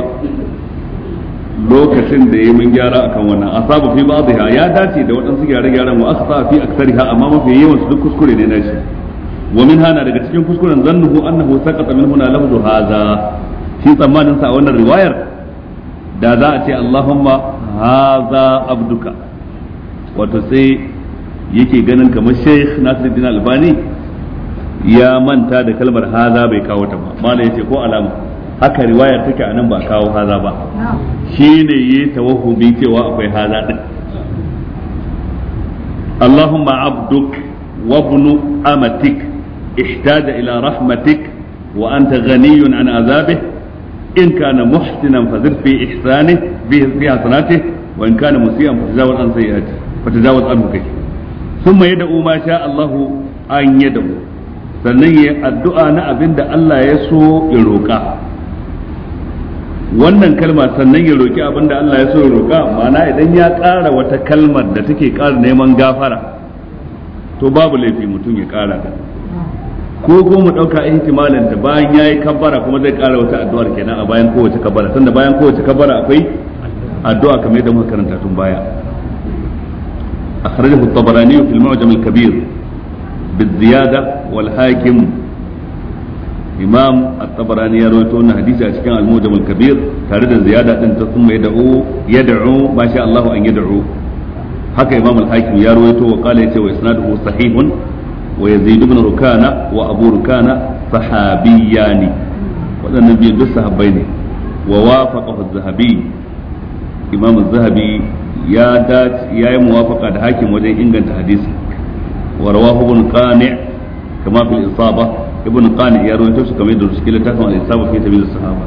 lokacin da yi mun gyara akan wannan asabu fi ba'dha ya dace da waɗansu gyare gyaran wa aka sa fi aksariha amma mafi yawan su duk kuskure ne na shi wa min hana daga cikin kuskuren zannuhu annahu saqata min huna lafzu hadha shi tsammanin sa a wannan riwayar da za a ce Allahumma hadha abduka wato sai yake ganin kamar Sheikh Nasiruddin Albani ya manta da kalmar haza bai kawo ta ba malai yace ko alama haka riwayar take anan ba kawo haza ba shine yi tawahumi cewa akwai haza din Allahumma abduk wa ibnu amatik ihtaja ila rahmatik wa anta ghaniyun an in kana muhsinan fazid fi ihsanih bi fi wa in kana musian fatazawal an sayyi'atih fatazawal anhu kai thumma yad'u ma sha Allahu an sannan ya addu'a na abinda Allah ya so ya roƙa wannan kalma sannan ya roki abinda Allah ya so ya roƙa ma'ana idan ya ƙara wata kalmar da take ƙara neman gafara to babu laifi mutum ya ƙara ta ko ko mu dauka ihtimalin da bayan yayi kabbara kuma zai kara wata addu'ar kenan a bayan kowace kabbara sanda bayan kowace kabbara akwai addu'a kamar yadda muka karanta tun baya أخرجه الطبراني في المعجم الكبير بالزيادة والحاكم إمام الطبراني يروي أن حديث أشكال المعجم الكبير تارد الزيادة أن ثم يدعو يدعو ما شاء الله أن يدعو haka imam al-hakim ya ce wa qala yace sahihun wa yazid ibn rukana wa abu rukana sahabiyani waɗannan biyan wa wafaqa az-zahabi imam zahabi ya dace yayi muwafaqa da hakim wajen inganta hadisi wa rawahu ibn qani' kama fil isaba ibn qani ya rawaito su kamar da suke littafin al-isaba fi tabiz as-sahaba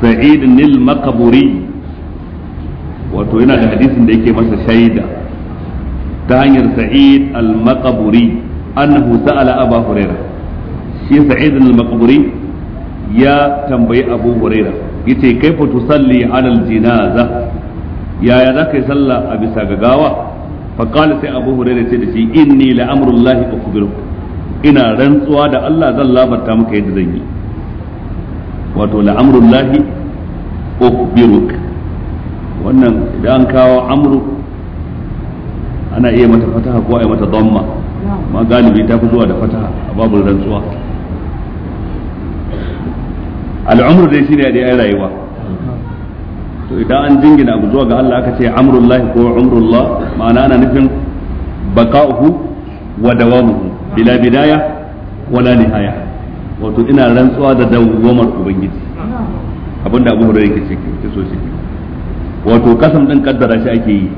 sa'id wato yana da hadisin da yake masa shaida ta hanyar sa'id al-maqburi annahu sa'ala aba huraira shi sa'id al-maqburi ya tambayi abu huraira yace kaifa tusalli ala al-jinaza yaya zaka yi sallah a bisa ga gawa fa sai abu huraira ce da shi inni la amrullahi akbiru ina rantsuwa da Allah zan labarta maka yadda zan yi wato la amrullahi akbiru wannan idan kawo amru ana iya mata fataha ko a yi mata dhamma ma galibi ta fi zuwa da fataha a babul rantsuwa al'umru dai shine da yan rayuwa to idan an jingina abu zuwa ga Allah aka ce amrullahi ko umrullah ma'ana ana nufin baqa'uhu wa dawamuhu bila bidaya wala nihaya wato ina rantsuwa da dawwamar ubangiji abinda abu hurairah yake ce ke so shi wato kasam din kaddara shi ake yi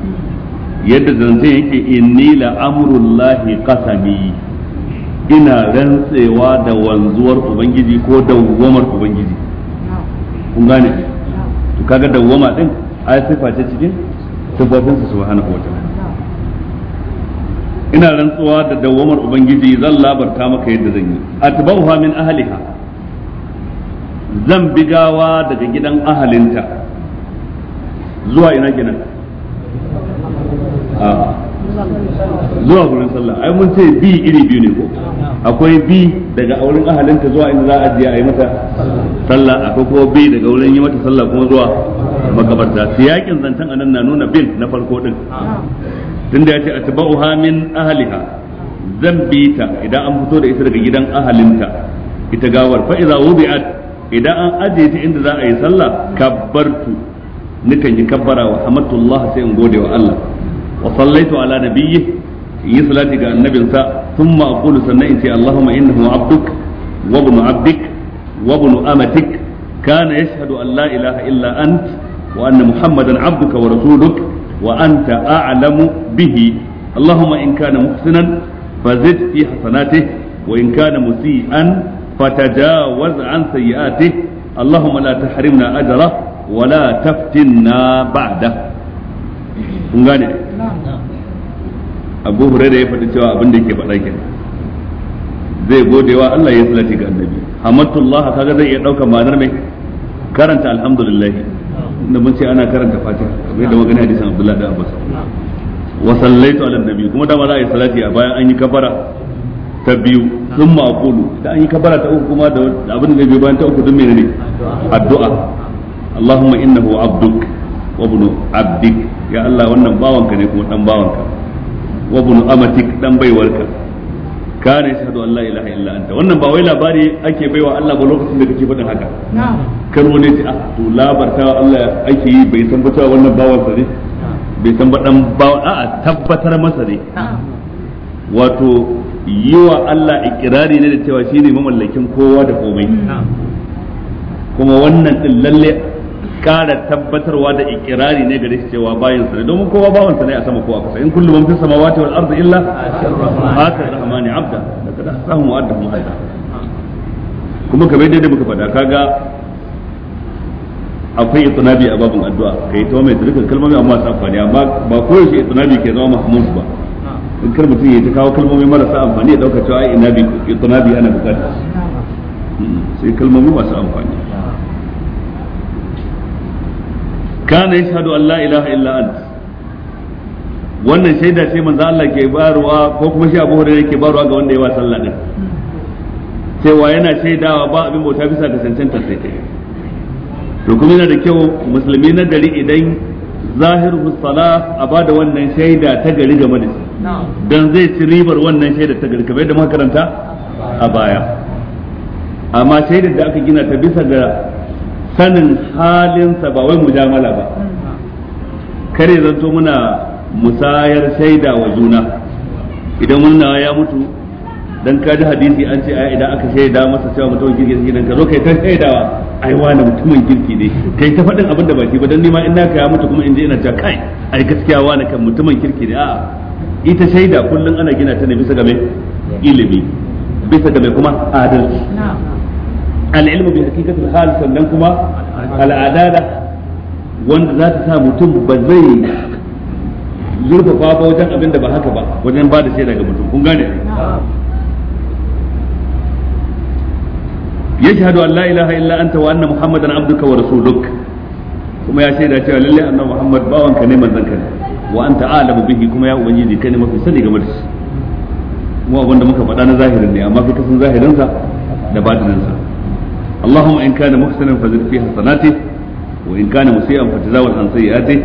yadda zanzu yake inni la amrullahi qasami ina rantsewa da wanzuwar ubangiji ko da dawwamar ubangiji kun gane to kaga dawwama din ai sifa ce cikin sifatin su subhanahu wa ta'ala ina rantsuwa da dawwamar ubangiji zan labarta maka yadda zan yi atbauha min ahliha zan bigawa daga gidan ahalinta zuwa ina kenan zuwa gurin sallah ai mun ce bi iri biyu ne ko akwai bi daga auren ahalinta zuwa inda za a je a yi mata sallah akwai kuma bi daga wurin yi mata sallah kuma zuwa makabarta yakin zantan anan na nuna bin na farko din tunda ya ce atba'uha min ahliha zan bi ta idan an fito da ita daga gidan ahalinta ita gawar fa iza wubi'at idan an ajiye ta inda za a yi sallah kabbartu nikan yi kabbara wa hamadullah sai in gode wa Allah wa sallaitu ala nabiyyi yi salati ga annabinsa thumma aqulu sannan in ce allahumma innahu abduk wa ibnu amatik kana yashhadu an la ilaha illa ant wa anna muhammadan abduka wa rasuluk wa anta a'lamu bihi allahumma in kana muhsinan fazid fi hasanatihi wa in kana musii'an فتجاوز عن سيئاته اللهم لا تحرمنا أجره ولا تفتنا بعده kun gane abu da ya faɗi cewa abin da yake faɗa ke zai gode wa Allah ya salati ga annabi hamdulillah kaga zai iya ɗauka ma'anar mai karanta alhamdulillah inda mun ce ana karanta fatiha kamar yadda magana hadisin abdullahi da abbas wa sallaitu ala annabi kuma da ma za a yi salati a bayan an yi kafara ta biyu sun ma'akulu da an yi kabara ta uku kuma da abin da bai bayan ta uku dun menene addu'a Allahumma innahu abduk wa bunu abdik ya Allah wannan bawanka ne kuma dan bawanka wa bunu amatik dan baiwarka kana yashhadu an la ilaha illa anta wannan ba wai labari ake baiwa Allah ba lokacin da kake faɗin haka kar wani ce ah to labarta Allah ake yi bai san ba cewa wannan bawansa ne bai san ba dan bawan a'a tabbatar masa ne wato yi wa Allah ikirari ne da cewa shi mamallakin kowa da komai kuma wannan din lalle kara tabbatarwa da ikirari ne gare shi cewa bayin sa ne domin kowa bawan sa ne a sama ko a kasa in kullu man fis samawati wal ardi illa haka rahmani abda laqad ahsahum wa addahum adda kuma kamar yadda muka faɗa kaga akwai itinabi a babin addu'a kai ta mai dukkan kalmomi amma su amfani amma ba koyaushe itinabi ke zama mahmud ba in kar mutum ya ta kawo kalmomi marasa amfani ya dauka cewa ai inabi itinabi ana bukata hmm. sai kalmomi masu amfani kana yashhadu an la ilaha illa anta wannan shaida ce manzo Allah ke barwa ko kuma shi Abu Hurairah ke barwa ga wanda ya wa sallah din cewa yana shaidawa ba abin bauta bisa ga cancanta sai kai to kuma yana da kyau musulmi na gari idan zahiru musalla a bada wannan shaida ta gari game da shi dan zai ci ribar wannan shaida ta gari kamar yadda muka karanta a baya amma shaidar da aka gina ta bisa ga sanin halinsa ba wai mujamala ba kare zanto muna musayar shaida wa juna idan wannan ya mutu dan ka ji hadisi an ce ai idan aka shaida masa cewa mutumin kirki sai dan ka zo kai ta shaidawa ai wani mutumin kirki ne kai ta faɗin abin da ba ba dan nima in ka ya mutu kuma in je ina cewa kai ai gaskiya wani kan mutumin kirki ne a'a ita shaida kullum ana gina ta ne bisa ga mai ilimi bisa ga mai kuma adalci al bi haqiqatil hal sannan kuma al'adala wanda za ta sa mutum ba zai zurfafa ba wajen abin da ba haka ba wajen ba da sai daga mutum kun gane yashhadu an la ilaha illa anta wa anna muhammadan abduka wa rasuluk kuma ya shaida cewa lalle annabi muhammad bawanka ne manzon ka wa anta alamu bihi kuma ya ubangiji kai ne mafi sani game da shi mu abinda muka faɗa na zahirin ne amma kai zahirinsa san zahirin da batinin sa اللهم إن كان محسنا فزد في حسناته وإن كان مسيئا فتزاول عن سيئاته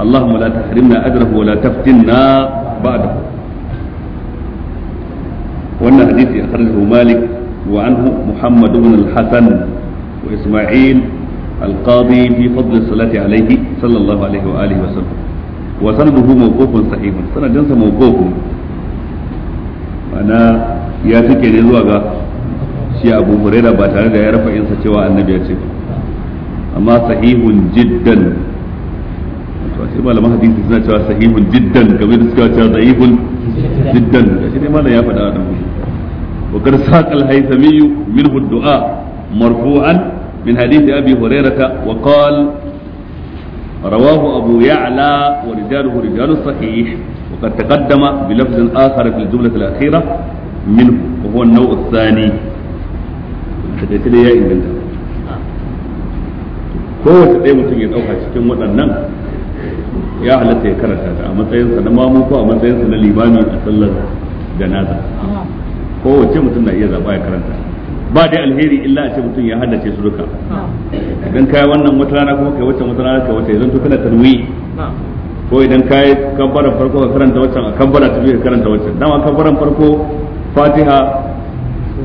اللهم لا تحرمنا أجره ولا تفتنا بعده وأن حديث أخرجه مالك وعنه محمد بن الحسن وإسماعيل القاضي في فضل الصلاة عليه صلى الله عليه وآله وسلم وسنده موقوف صحيح سند موقوف أنا يا تكي zuwa ga shi abu huraira ba tare da ya rafa insa cewa annabi ya ce ba amma sahihun jiddan to sai malaman hadisi suna cewa sahihun jiddan kamar da suka cewa sahihun jiddan shi ne malam ya faɗa wannan wa haythami minhu du'a marfu'an min hadith abi wa qala رواه أبو يعلى ورجاله رجال وقد تقدم بلفظ آخر في الجملة الأخيرة منه وهو النوع الثاني takaice dai ya inganta kowace ɗaya mutum ya ɗauka cikin waɗannan ya halatta ya karanta ta a matsayinsa na mamu ko a matsayinsa na limami a sallar janaza kowace mutum na iya zaɓa ya karanta ba dai alheri illa a ce mutum ya haddace su duka idan kai wannan wata rana kuma kai wacce wata rana kai wacce idan to kana tarwi ko idan kai kabbaran farko ka karanta wancan a kabbara ta biyu ka karanta wancan dama kabbaran farko fatiha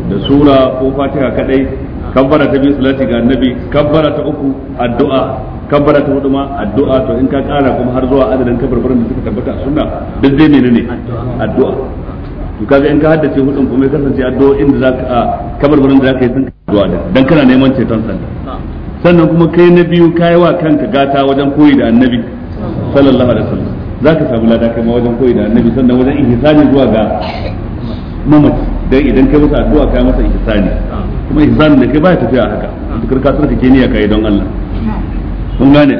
da sura ko fatiha kadai kabbara ta biyu salati ga annabi kabbara ta uku addu'a kabbara ta hudu ma addu'a to in ka kara kuma har zuwa adadin kabarbaran da suka tabbata a sunna duk dai menene addu'a to kaga in ka haddace hudun kuma ya kasance addu'a inda zaka a kabarbaran da zaka yi sun addu'a da dan kana neman ceton sa sannan kuma kai na biyu kai wa kanka gata wajen koyi da annabi sallallahu alaihi wasallam zaka samu lada kai ma wajen koyi da annabi sannan wajen ihsani zuwa ga mamaci dan idan kai masa addu'a kai masa ihsani ah. kuma ihsanin da kai baya tafiya haka ah. dukkan ka tsarka ke niyya kai don Allah kun gane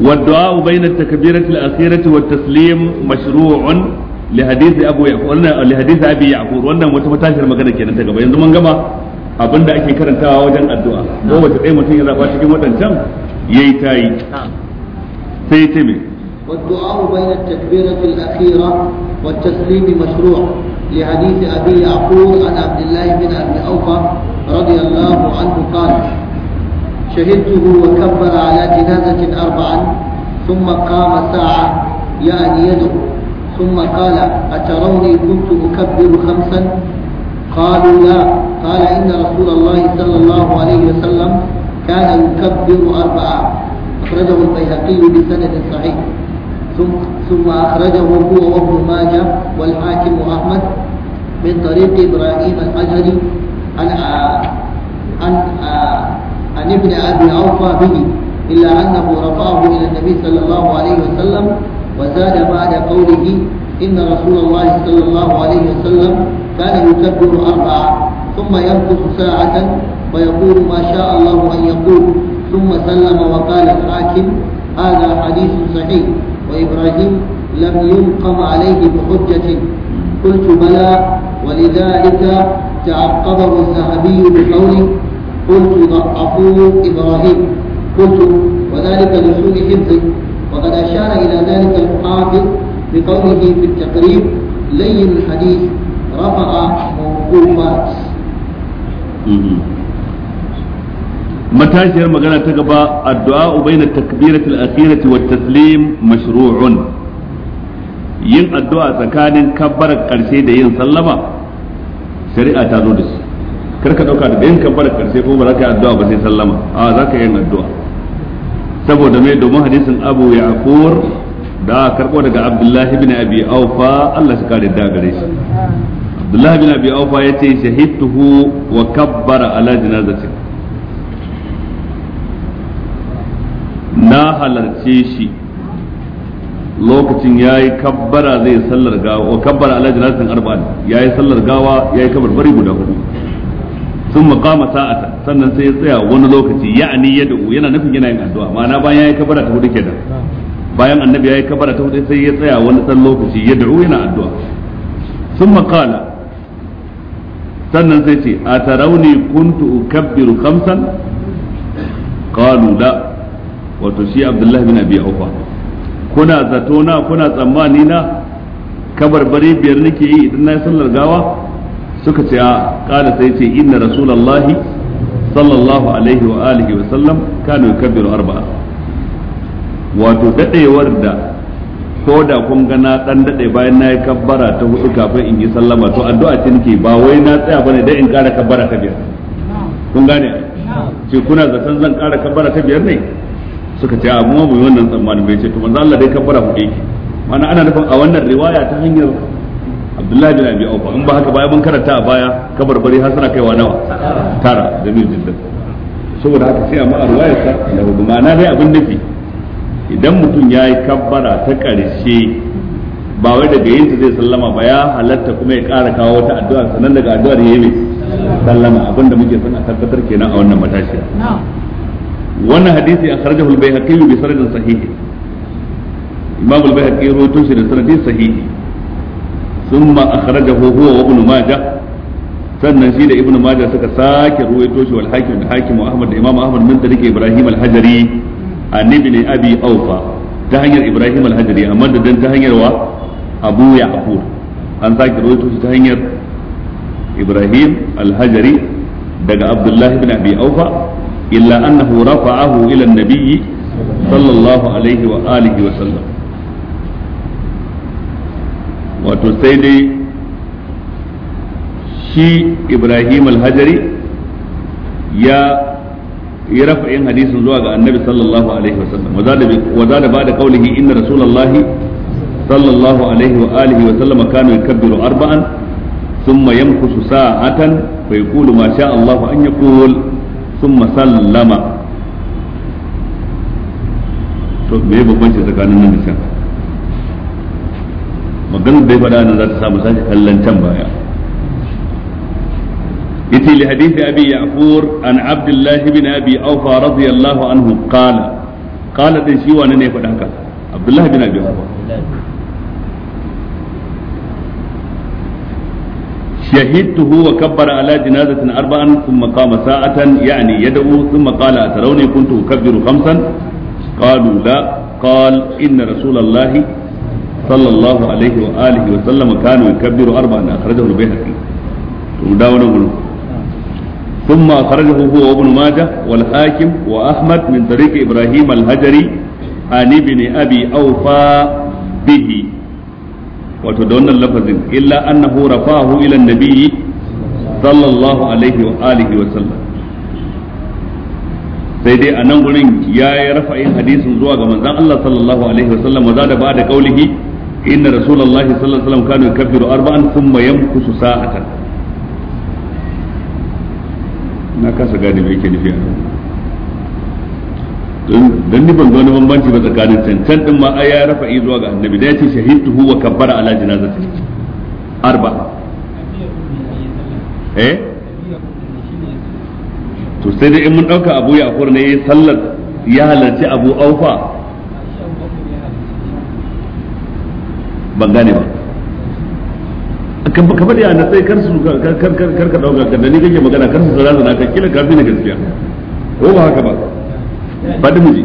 والدعاء بين التكبيرة الأخيرة والتسليم مشروع لحديث أبو يعقوب لحديث أبي يعقوب وأنا متمتاشر مكانك أنا تقبل قبل abin da ake karantawa wajen addu'a ah. ko wace ɗaya mutum ya zaba cikin waɗancan ya yi tayi sai والدعاء بين التكبيرة الأخيرة والتسليم مشروع لحديث أبي يعقوب عن عبد الله بن أبي أوفى رضي الله عنه قال شهدته وكبر على جنازة أربعا ثم قام ساعة يعني يده ثم قال أتروني كنت أكبر خمسا قالوا لا قال إن رسول الله صلى الله عليه وسلم كان يكبر أربعة أخرجه البيهقي بسند صحيح ثم ثم أخرجه هو وابن ماجه والحاكم أحمد من طريق إبراهيم الحجري عن عن عن ابن أبي أوفى به إلا أنه رفعه إلى النبي صلى الله عليه وسلم وزاد بعد قوله إن رسول الله صلى الله عليه وسلم كان يكبر أربعة ثم يمكث ساعة ويقول ما شاء الله أن يقول ثم سلم وقال الحاكم هذا حديث صحيح وإبراهيم لم ينقم عليه بحجة قلت بلى ولذلك تعقبه الذهبي بقوله قلت ضعفوه إبراهيم قلت وذلك لسوء حفظه وقد أشار إلى ذلك الحافظ بقوله في التقريب لين الحديث رفع موقوفات matashiyar magana ta gaba addu'a baina takbiratul akhirati wat taslim mashru'un yin addu'a tsakanin kabbar karshe da yin sallama shari'a ta zo da shi da yin kabbar karshe ko ba za ka yi addu'a ba sai sallama a za ka yi addu'a saboda mai domin hadisin Abu Ya'qur da karbo daga Abdullahi ibn Abi Aufa Allah shi wa kabbara ala na halarce shi lokacin ya yi kabbara zai sallar gawa kabbara ala jinasin arba'in ya yi sallar gawa ya yi kabar bari guda hudu sun makama sa'ata sannan sai ya tsaya wani lokaci ya'ani ya da'u yana nufin yana yin addu'a ma'ana bayan ya yi kabbara ta hudu kenan bayan annabi ya yi kabbara ta hudu sai ya tsaya wani ɗan lokaci ya da'u yana addu'a sun makala sannan sai ce a tarauni kuntu ukabbiru kamsan kalu da. wato shi abdullahi bin abi aufa kuna zato na kuna tsammani na kabarbare biyar nake yi idan na yi sallar gawa suka ce a kala sai ce inna rasulullahi sallallahu alaihi wa alihi wa sallam kana yukabbiru arba'a wato dadewar da ko da kun ga na dan dade bayan na yi kabbara ta hudu kafin in yi sallama to addu'a ce nake ba wai na tsaya bane dan in kara kabbara ta biyar kun gane ce kuna zaton zan kara kabbara ta biyar ne suka ce a ma yi wannan tsammanin bai ce to manzo Allah dai kabbara ku yake mana ana nufin a wannan riwaya ta hanyar Abdullahi bin Abi Aufa in ba haka baya mun karanta a baya kabar bari har suna kaiwa nawa tara da mil jiddan saboda haka sai amma a riwayar ta da hudu ma'ana dai abin nufi idan mutum ya yi kabbara ta ƙarshe ba wai daga yin zai sallama ba ya halatta kuma ya ƙara kawo wata addu'a sannan daga addu'ar ya yi mai sallama abinda muke son a tabbatar kenan a wannan matashiya wannan hadisi an kharajahu al-baihaqi bi sanadin sahihi imam al-baihaqi ya rawaito shi da sanadin sahihi thumma akhrajahu huwa wa ibn majah sannan shi da ibn majah suka sake rawaito shi wal hakim da hakim wa ahmad da imam ahmad min tariqi ibrahim al-hajari annabi ne abi aufa ta hanyar ibrahim al-hajari amma da dan ta hanyar wa abu ya'qub an sake rawaito shi ta hanyar ibrahim al-hajari daga abdullahi ibn abi aufa illa annahu rafa'ahu ila an-nabiy sallallahu alaihi wa alihi wa sallam wato sai dai shi Ibrahim al-Hajari ya yi rafa'in hadisin zuwa ga annabi sallallahu alaihi wasallam wa zada ba da kaulihi inna rasulullahi sallallahu alaihi wa alihi wa sallama kanu yakabbiru arba'an thumma yamkusu sa'atan fa yaqulu ma sha Allah an yaqul ثم سلم to me bambanci tsakanin nan da can maganar faɗa nan za ta samu sake kallon can baya yace li abi ya'fur an abdullah ibn abi awfa radiyallahu anhu qala qala shi wane ne faɗa haka abdullah ibn abi awfa شهدته وكبر على جنازة أربعا ثم قام ساعة يعني يدعو ثم قال أتروني كنت أكبر خمسا قالوا لا قال إن رسول الله صلى الله عليه وآله وسلم كان يكبر أربعا أخرجه البيهقي وداونا ثم أخرجه هو وابن ماجه والحاكم وأحمد من طريق إبراهيم الهجري عن ابن أبي أوفى به wato da wannan lafazin illa annahu rafahu ila nabiyyi sallallahu alaihi wa alihi wa sallam sai dai a nan gurin ya yi rafa'in hadisin zuwa ga manzon Allah sallallahu alaihi wa sallam wa zada ba da qaulihi inna rasulullahi sallallahu alaihi wa sallam kana yukabbiru arba'an thumma yamkusu sa'atan na kasa gane me yake nufi a don ni ban ga wani bambanci ba tsakanin cancan din ma ai ya rafa yi zuwa ga annabi da yace shahidu huwa kabbara ala janazati arba eh to sai dai in mun dauka abu ya kura ne yayi sallar ya halarci abu aufa ban gane ba kan baka ya a sai kar su kar kar kar ka dauka kan da ni kake magana kar su zara zana ka kila ka bi na gaskiya ko ba haka ba Eh, ba muji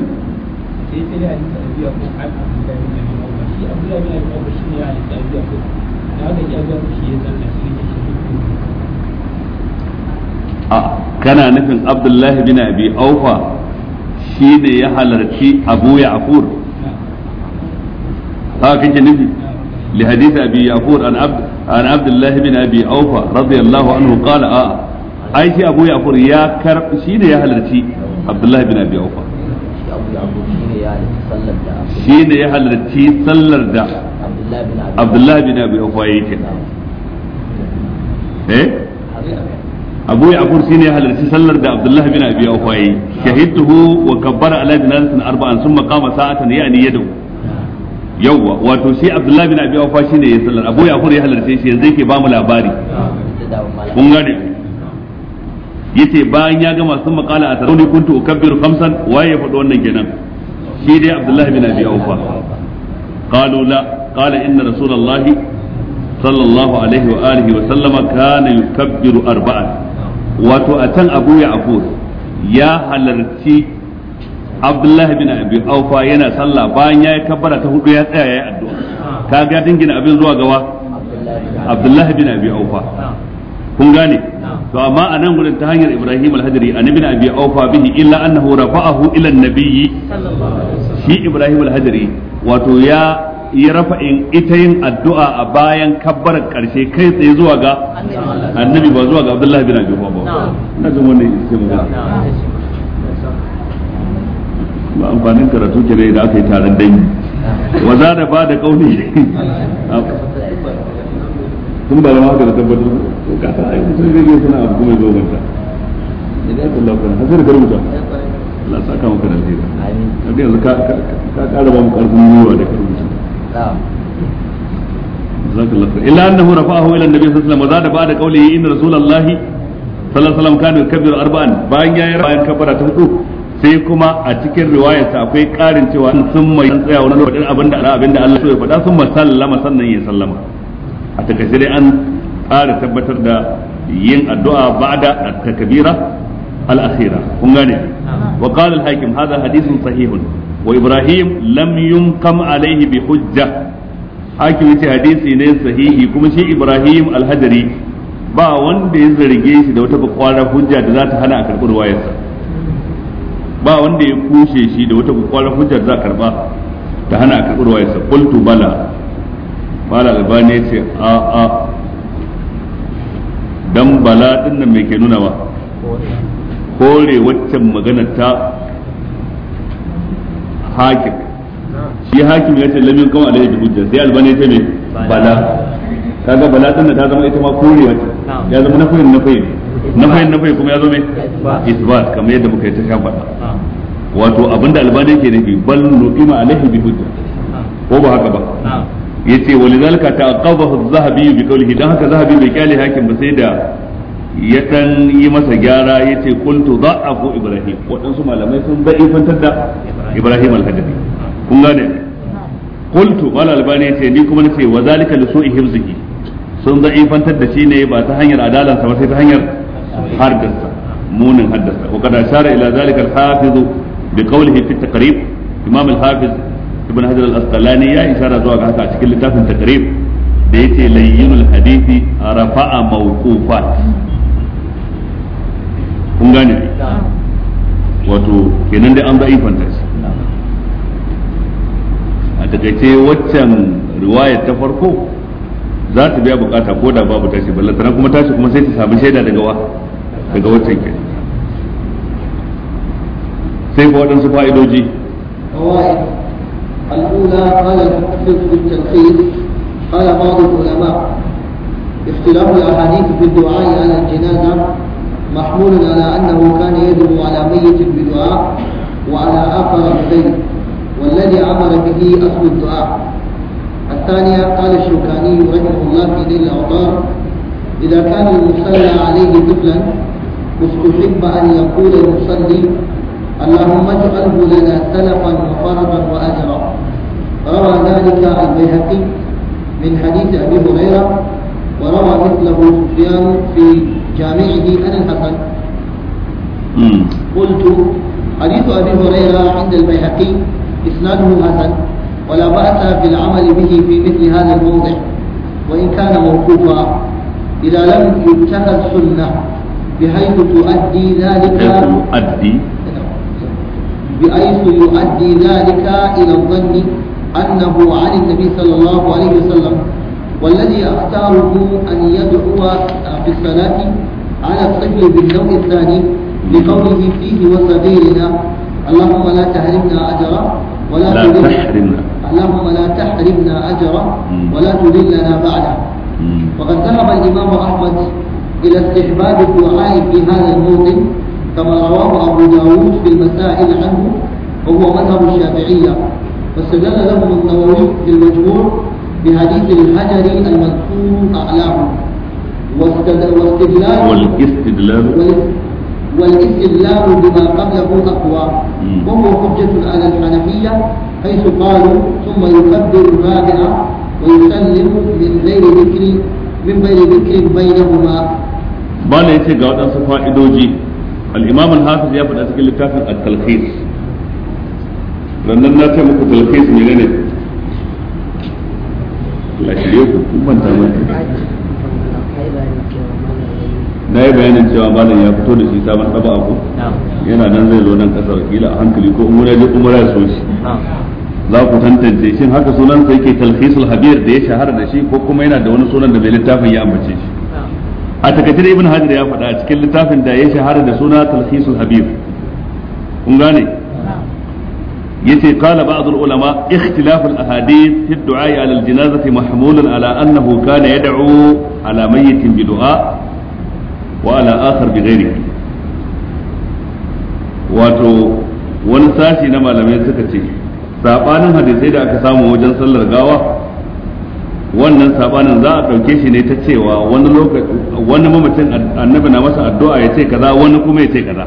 a kana nufin abdullahi bin abi aufa shi ne ya halarci abu ya akur haka kake nufi li hadith abi yaqur an abdullahi bin abi radiyallahu anhu qala a ai shi abu ya akur ya kar shi ne ya halarci abdullahi bin abi aufa shi ne ya halarci eh? sallar da abdullahi bin abi aufa ya yi kenan eh abu ya akur shine ya halarci sallar da abdullahi bin abi yi shahidtuhu wa kabbara ala arba'an summa qama sa'atan ya'ni yadu yawwa wato shi bin abi ya sallar abu ya ya shi yanzu yake ba mu labari kun gane yace bayan ya gama sun makala a tarawih kuntu ukabbiru khamsan waye ya faɗi wannan kenan shi dai abdullahi bin abi aufa qalu la qala inna rasulullahi sallallahu alaihi wa alihi wa sallama kana yukabbiru arba'an wato a can abu ya abu ya halarci abdullahi bin abi aufa yana sallah bayan ya yi kabbara ta hudu ya tsaya ya yi addu'a kaga dingina abin zuwa gawa abdullahi bin abi aufa kun gane to amma a nan gurin ta hanyar Ibrahim alhadari hajri annabi na bi aufa bihi illa annahu rafa'ahu ila an-nabiyyi shi Ibrahim alhadari wato ya ya rafa in ita yin addu'a a bayan kabbar karshe kai tsaye zuwa ga annabi ba zuwa ga Abdullah bin Abi Bakr na ga wannan sai mu ba amfanin karatu kenan da aka yi taron dangi wa zada ba da kauli [laughs] tun ba zama haka da tabbatar to ka ta ai mutum zai yi sana'a kuma zo manta idan ka lafa na hasar garin Allah sa ka maka alheri amin abin yanzu ka ka ƙara ba mu karfin gwiwa da karfin mutum جزاك رفعه الى النبي صلى الله عليه وسلم وزاد بعد قوله ان رسول الله صلى الله عليه وسلم كان يكبر اربعا bayan ya yi bayan kabbara ta hudu sai kuma a cikin riwayarsa akwai karin cewa sun mai tsaya wani lokacin abinda Allah ya faɗa sun sannan ya sallama a takaice dai an ƙara tabbatar da yin addu'a ba'da takbira al-akhira kun gane wa qala al-hakim hadha hadithun sahihun wa ibrahim lam yunqam alayhi bi hujja hakim yace hadisi ne sahihi kuma shi ibrahim al-hajari ba wanda ya zarge shi da wata kwakwarar hujja da za ta hana a karɓar wayarsa ba wanda ya kushe shi da wata kwakwarar hujja da za a karɓa ta hana a karɓar wayarsa qultu bala mara albani ce a a don bala din nan ke nuna ba kore waccan magana ta hakim shi hakim ya ce lamin kama alaihi da hujja sai albani ya ce mai bala kaga bala din ta zama ita ma kore wacce ya zama na na na fahim na fahim kuma ya zo me isbat kamar yadda muka yi ta shan faɗa wato abinda albani ke nufi bal nuqima alaihi bi hujja ko ba haka ba yace walidhalika ta'aqabahu az-zahabi bi qawlihi dan haka zahabi bai kyale hakim ba sai da ya dan yi masa gyara yace qultu da'afu ibrahim wadansu malamai sun ifantar da ibrahim al-hadabi kun gane qultu mal albani yace ni kuma nace wa zalika li su'i hifzihi sun ifantar da shi ne ba ta hanyar adalansa ba sai ta hanyar hardarsa munin haddarsa wa kada shara ila zalika al-hafiz bi qawlihi fi at-taqrib imam al-hafiz ibn hajar al-asqalani ya isara zuwa ga haka a cikin littafin takrib da yace layyinul hadisi rafa'a mawqufat kun gane wato kenan dai an da'i fantasi a takaice waccan riwayar ta farko za ta biya bukata ko da babu tashi ballantana kuma tashi kuma sai ta samu shaida daga wa daga waccan kenan sai ko waɗansu fa'idoji الأولى قال المحقق بالتلخيص قال بعض العلماء اختلاف الأحاديث في الدعاء على الجنازة محمول على أنه كان يدعو على ميت بدعاء وعلى آخر بغير والذي عمل به أصل الدعاء الثانية قال الشوكاني رحمه الله في ذي الأوطار إذا كان المصلى عليه طفلا مستحب أن يقول المصلي اللهم اجعله لنا سلفا وفرجا وأجرا روى ذلك البيهقي من حديث أبي هريرة وروى مثله سفيان في جامعه عن الحسن قلت حديث أبي هريرة عند البيهقي إسناده حسن ولا بأس في العمل به في مثل هذا الموضع وإن كان موقوفا إذا لم يتخذ سنة بحيث تؤدي ذلك يؤدي بحيث يؤدي ذلك إلى الظن أنه عن النبي صلى الله عليه وسلم والذي أختاره أن يدعو في الصلاة على الطفل بالنوع الثاني لقوله فيه وسبيلنا اللهم لا تحرمنا أجرا ولا لا تحرمنا اللهم لا تحرمنا أجرا ولا تذلنا بعده وقد ذهب الإمام أحمد إلى استحباب الدعاء في هذا الموطن كما رواه أبو داود في المسائل عنه وهو مذهب الشافعية واستدل لهم النووي بالمجموع بحديث الحجر المذكور أعلاه واستدلال والاستدلال والاستدلال بما قبله أقوى وهو حجة على الحنفية حيث قالوا ثم يكبر الرابعة ويسلم من غير ذكر من غير ذكر بينهما بل ليس قاعدا الإمام دوجي الإمام الحافظ يفعل أسكيل التلخيص rannan na ce muku su ne ne ta na yi bayanin cewa malam ya fito da shi sabon ɗaba abu yana nan zai zo nan ƙasar kila a hankali ko umura je umura so shi za ku tantance shin haka sunan sai ke talhisul habir da ya shahara da shi ko kuma yana da wani sunan da mai littafin ya ambace shi a takaice da ibn hajar ya faɗa a cikin littafin da ya shahara da suna talhisul habir kun gane yace qala ba'd ulama ikhtilaf al ahadith fi ad-du'a wa wato wani sashi na malamai suka ce sabanin hadisai da aka samu wajen sallar gawa wannan sabanin za a ɗauke shi ne ta cewa wani lokaci wani mamacin annabi na masa addu'a ya ce kaza wani kuma ya ce kaza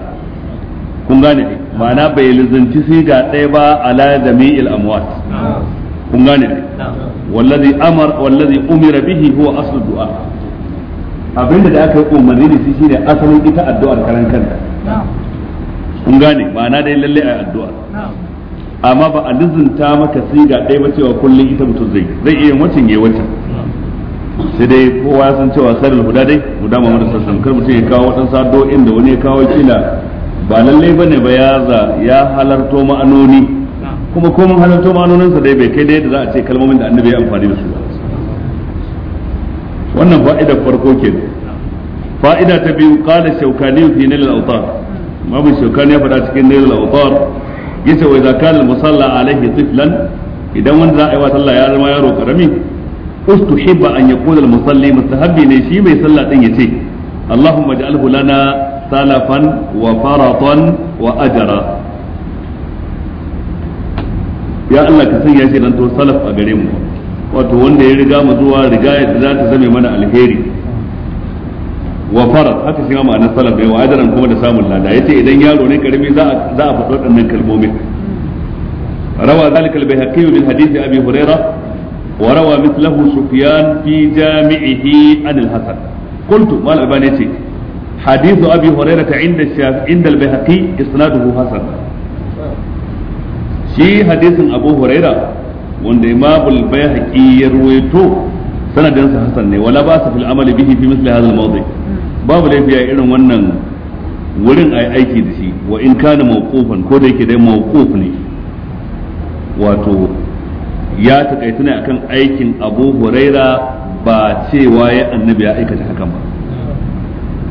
kun gane ne ma'ana bai lizanci ga ɗaya ba ala jami'il amwat kun gane ne wallazi amar wallazi umira bihi huwa aslu du'a abinda da aka yi umarni da shi shine asalin ita addu'ar karan kanta kun gane ma'ana dai lalle a addu'a amma ba a lizanta maka ga ɗaya ba cewa kullum ita mutum zai zai iya wacin ya wacin sai dai kowa ya san cewa sarin huda dai guda mamadu sassan kar mutum ya kawo waɗansu addu'o'in da wani ya kawo kila ba lallai ba ne ba ya za ya halarto ma'anoni kuma ko mun halarto ma'anonin dai bai kai dai da za a ce kalmomin da annabi ya amfani da su wannan fa'ida farko ke fa'ida ta biyu kala shaukani fi nil al-awtar mabu shaukani ya faɗa cikin nil al-awtar yace wa idza kana al-musalla alaihi tiflan idan wanda za a yi wa sallah ya zama yaro karami ustuhibba an yaqula al-musalli mustahabbi ne shi mai sallah din yace allahumma ja'alhu lana سلفا وفرطا وأجرا يا الله كسن يا شيخ أنتو سلف أقريم wato wanda ya riga mu zuwa riga da za ta zame mana alheri wa farat haka shi ma salaf wa ajran kuma da samun lada ce idan yaro ne karami za a za a faɗi waɗannan kalmomin rawa zalikal bayhaqi min hadisi abi وروى مثله سفيان في جامعه عن الحسن قلت ما الألباني حديث أبي هريرة عند عند البيهقي إسناده حسن shi hadisin abu huraira wanda imamul bayhaqi ya ruwaito sanadinsa hasan ne wala ba su fil amali bihi fi misli hadha al babu laifi a irin wannan wurin ai aiki da shi wa in kana mawqufan ko da yake dai mawquf ne wato ya takaita ne akan aikin abu huraira ba cewa ya annabi ya aikata hakan ba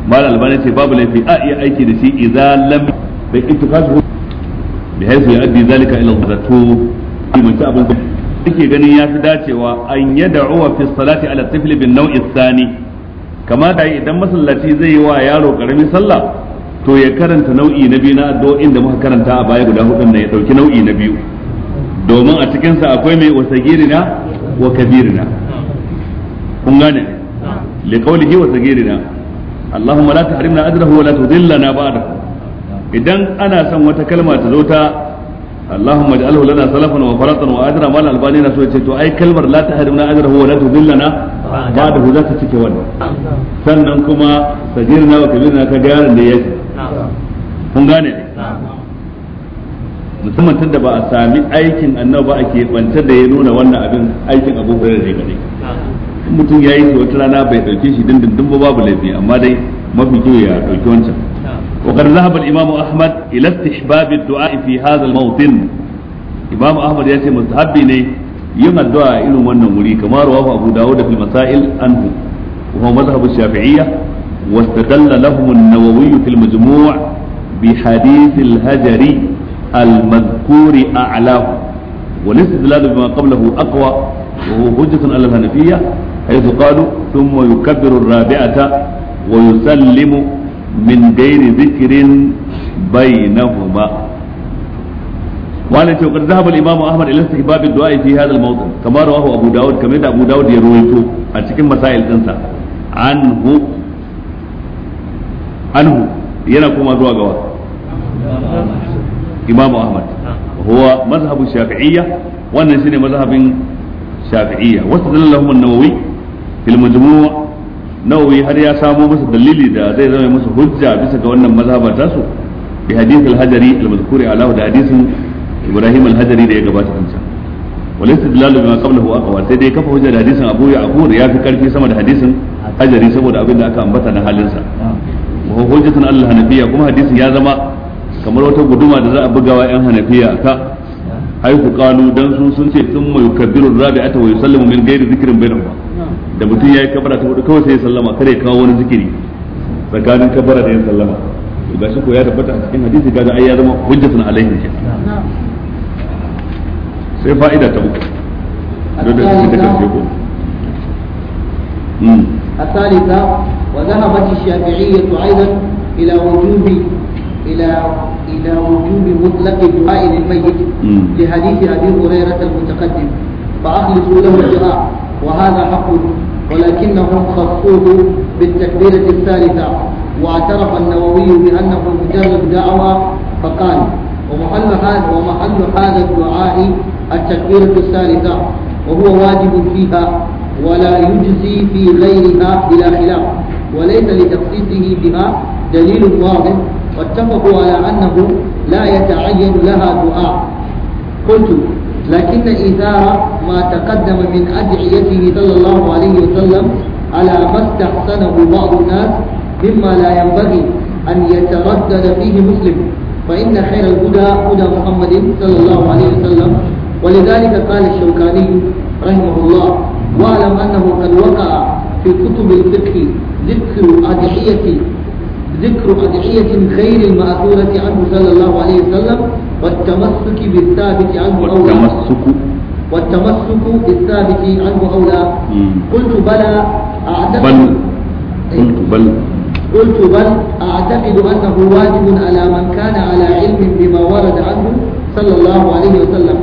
mal albani ce babu laifi a iya aiki da shi idza lam bi ittifaqu bi haythu yu'addi zalika ila al-zato mun ta abin yake ganin ya fi dacewa an yad'u fi salati ala tifli bin naw'i thani kama da idan masallaci zai yi wa yaro karami sallah to ya karanta nau'i na biyu na addu'o'in da muka karanta a baya guda hudun nan ya dauki nau'i na biyu domin a cikinsa akwai mai wasagirina wa kabirina kun gane li qawlihi wasagirina idan ana son wata kalma ta zo ta Allahumma ij'alhu lana salafan wa faratan wa ajra mal albani na so yace to ai kalmar la tahrimna ajrahu wa la tudillana za ta cike sannan kuma wa ka da kun gane ne musamman tunda ba a sami aikin annabi ba a da ya nuna wannan abin aikin abubuwan da ya gane mutum ya yi su wata rana bai dauke shi dindin dun ba babu laifi amma dai mafi kyau ya dauki wancan wa kan zahaba imamu ahmad ila istihbab du'a fi hadha al-mawtin imamu ahmad ya ce mazhabi ne yin addu'a a irin wannan wuri kamar rawahu abu dawud fi masail anhu wa huwa mazhab ash-shafi'iyya wa istadalla lahum an-nawawi fi al-majmu' bi hadith al-hajari المذكور أعلاه والاستدلال بما قبله أقوى وهو حجة على حيث قالوا ثم يكبر الرابعة ويسلم من غير ذكر بينهما وانا وقد ذهب الامام احمد الى استحباب الدعاء في هذا الموضع كما رواه داود كما داود يرويته a cikin masail dinsa anhu anhu yana kuma zuwa gawa imam ahmad huwa mazhabu shafi'iyya wannan shine mazhabin shafi'iyya wasu dalallahu an-nawawi fil majmu' nawawi har ya samo masa dalili da zai zama masa hujja bisa ga wannan mazhaba ta su bi hadith al-hajari al-mazkuri ala da hadisin ibrahim al-hajari da ya gabata kansa wal istidlal bima qablahu aqwa sai dai kafa hujja da hadisin abu ya'qub ya fi karfi sama da hadisin hajari saboda abin da aka ambata na halinsa wa hujjatun al-hanafiyya kuma hadisin ya zama kamar wata guduma da za a bugawa yan hanafiya ka ai ku kalu dan su sun ce sun mai kabirun rabi'ata wa yusallimu min ghairi zikrin bainahuma da mutum yayi kabara ta hudu kawai sai ya sallama kada ya kawo wani zikiri tsakanin kabara da ya sallama to gashi ko ya tabbata a cikin hadisi kaga ai ya zama hujjatun alaihi ke sai fa'ida ta uku don da su ta karshe ko الثالثة وذهبت الشافعية أيضا إلى وجوب إلى إلى وجوب مطلق دعاء للميت لحديث أبي هريرة المتقدم فأخلصوا له الدعاء وهذا حق ولكنهم خصوه بالتكبيرة الثالثة واعترف النووي بأنه مجرد دعوى فقال ومحل هذا ومحل هذا الدعاء التكبيرة الثالثة وهو واجب فيها ولا يجزي في غيرها بلا خلاف وليس لتخصيصه بها دليل واضح واتفقوا على أنه لا يتعين لها دعاء قلت لكن ايثار ما تقدم من أدعيته صلى الله عليه وسلم على ما استحسنه بعض الناس مما لا ينبغي أن يتردد فيه مسلم فإن خير الهدى هدى محمد صلى الله عليه وسلم ولذلك قال الشوكاني رحمه الله واعلم أنه قد وقع في كتب الفقه ذكر أدعية أدعية غير المأثورة عنه صلى الله عليه وسلم والتمسك بالثابت عنه أولى والتمسك والتمسك بالثابت عنه أولى قلت بلى أعتقد بل إيه؟ قلت بل قلت بل أعتقد أنه واجب على من كان على علم بما ورد عنه صلى الله عليه وسلم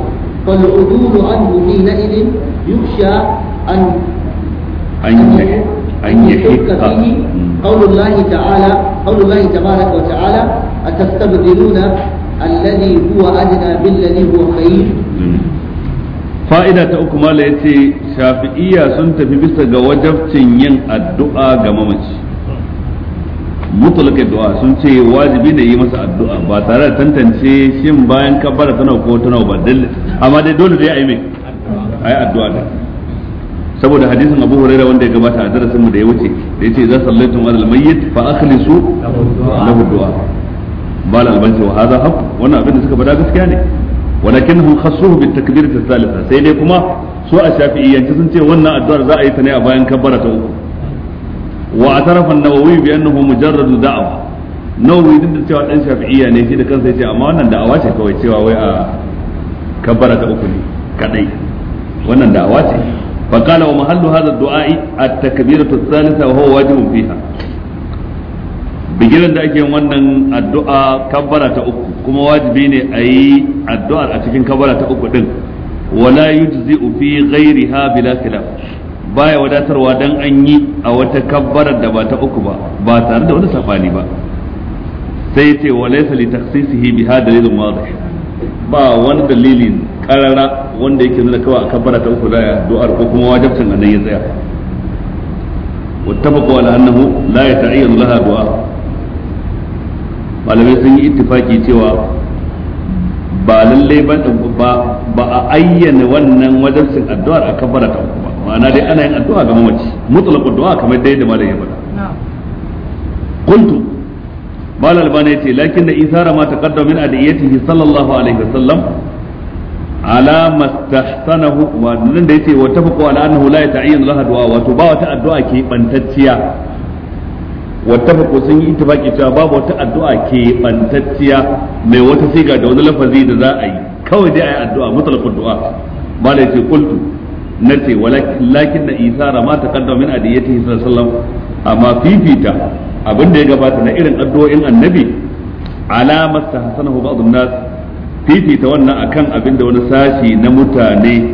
فالعدول عنه حينئذ يخشى أن أن أن يحق mm. mm. fa'ida ta uku mala ya ce shafi'iya sun tafi bisa ga wajabcin yin addu'a ga mamaci mutulaka du'a sun ce wajibi ne yi masa addu'a ba tare da tantance shin bayan kabbara tana ko tana ba amma dole dai a yi mai a yi addu'a da saboda hadisin Abu Hurairah wanda ya gabata a darasin mu da ya wuce da yace za sallaitum ala al-mayyit fa akhlisu lahu du'a bal albanci wa hadha haq wannan abin da suka faɗa gaskiya ne walakinhum khassuhu bit takbir thalitha sai dai kuma su a shafi'iyyanci sun ce wannan addu'ar za a yi ta ne a bayan kabbara ta uku wa a an-nawawi bi annahu mujarradu da'wa nawawi din da cewa dan shafi'iyya ne shi da kansa yace amma wannan da'awa ce kawai cewa wai a kabbara ta uku ne kadai wannan da'awa ce فقال ومحل هذا الدعاء التكبيرة الثالثة وهو واجب فيها bigiran da ake wannan addu'a kabbara ta uku kuma wajibi ne a yi addu'ar a cikin kabbara ta uku din wala yujzi'u fi ghairiha bila khilaf baya wadatarwa dan an yi a wata kabbarar da ba ta uku ba ba tare da wani ba sai ce ba wani dalilin karara wanda yake nuna kawai a kabbara ta uku zaya du'ar ko kuma wajibcin annan ya tsaya wattafaqu ala annahu la yata'ayyanu laha du'a malamai sun yi ittifaki cewa ba lallai ba ba a ayyana wannan wajibcin addu'ar a kabbara ta uku ba ma'ana dai ana yin addu'a ga mamaci mutlaqu du'a kamar dai da malam ya faɗa qultu malam albani yace lakin da isara ma taqaddama min adiyatihi sallallahu alaihi wasallam ala mastahsanahu wa nan da yace wa tafaqu ala annahu la yata'ayyanu laha du'a wato ba wata addu'a ke bantacciya Wata tafaqu sun yi ita ittifaqi ta babu wata addu'a ke bantacciya mai wata siga da wani lafazi da za a yi kawai dai ayi addu'a mutlaqu du'a mala ce qultu nace walakin da isara ma taqaddama min adiyatihi sallallahu alaihi wasallam amma fifita abin da ya gabata na irin addu'o'in annabi ala mastahsanahu ba'd an-nas fifita wannan akan abin da wani sashi na mutane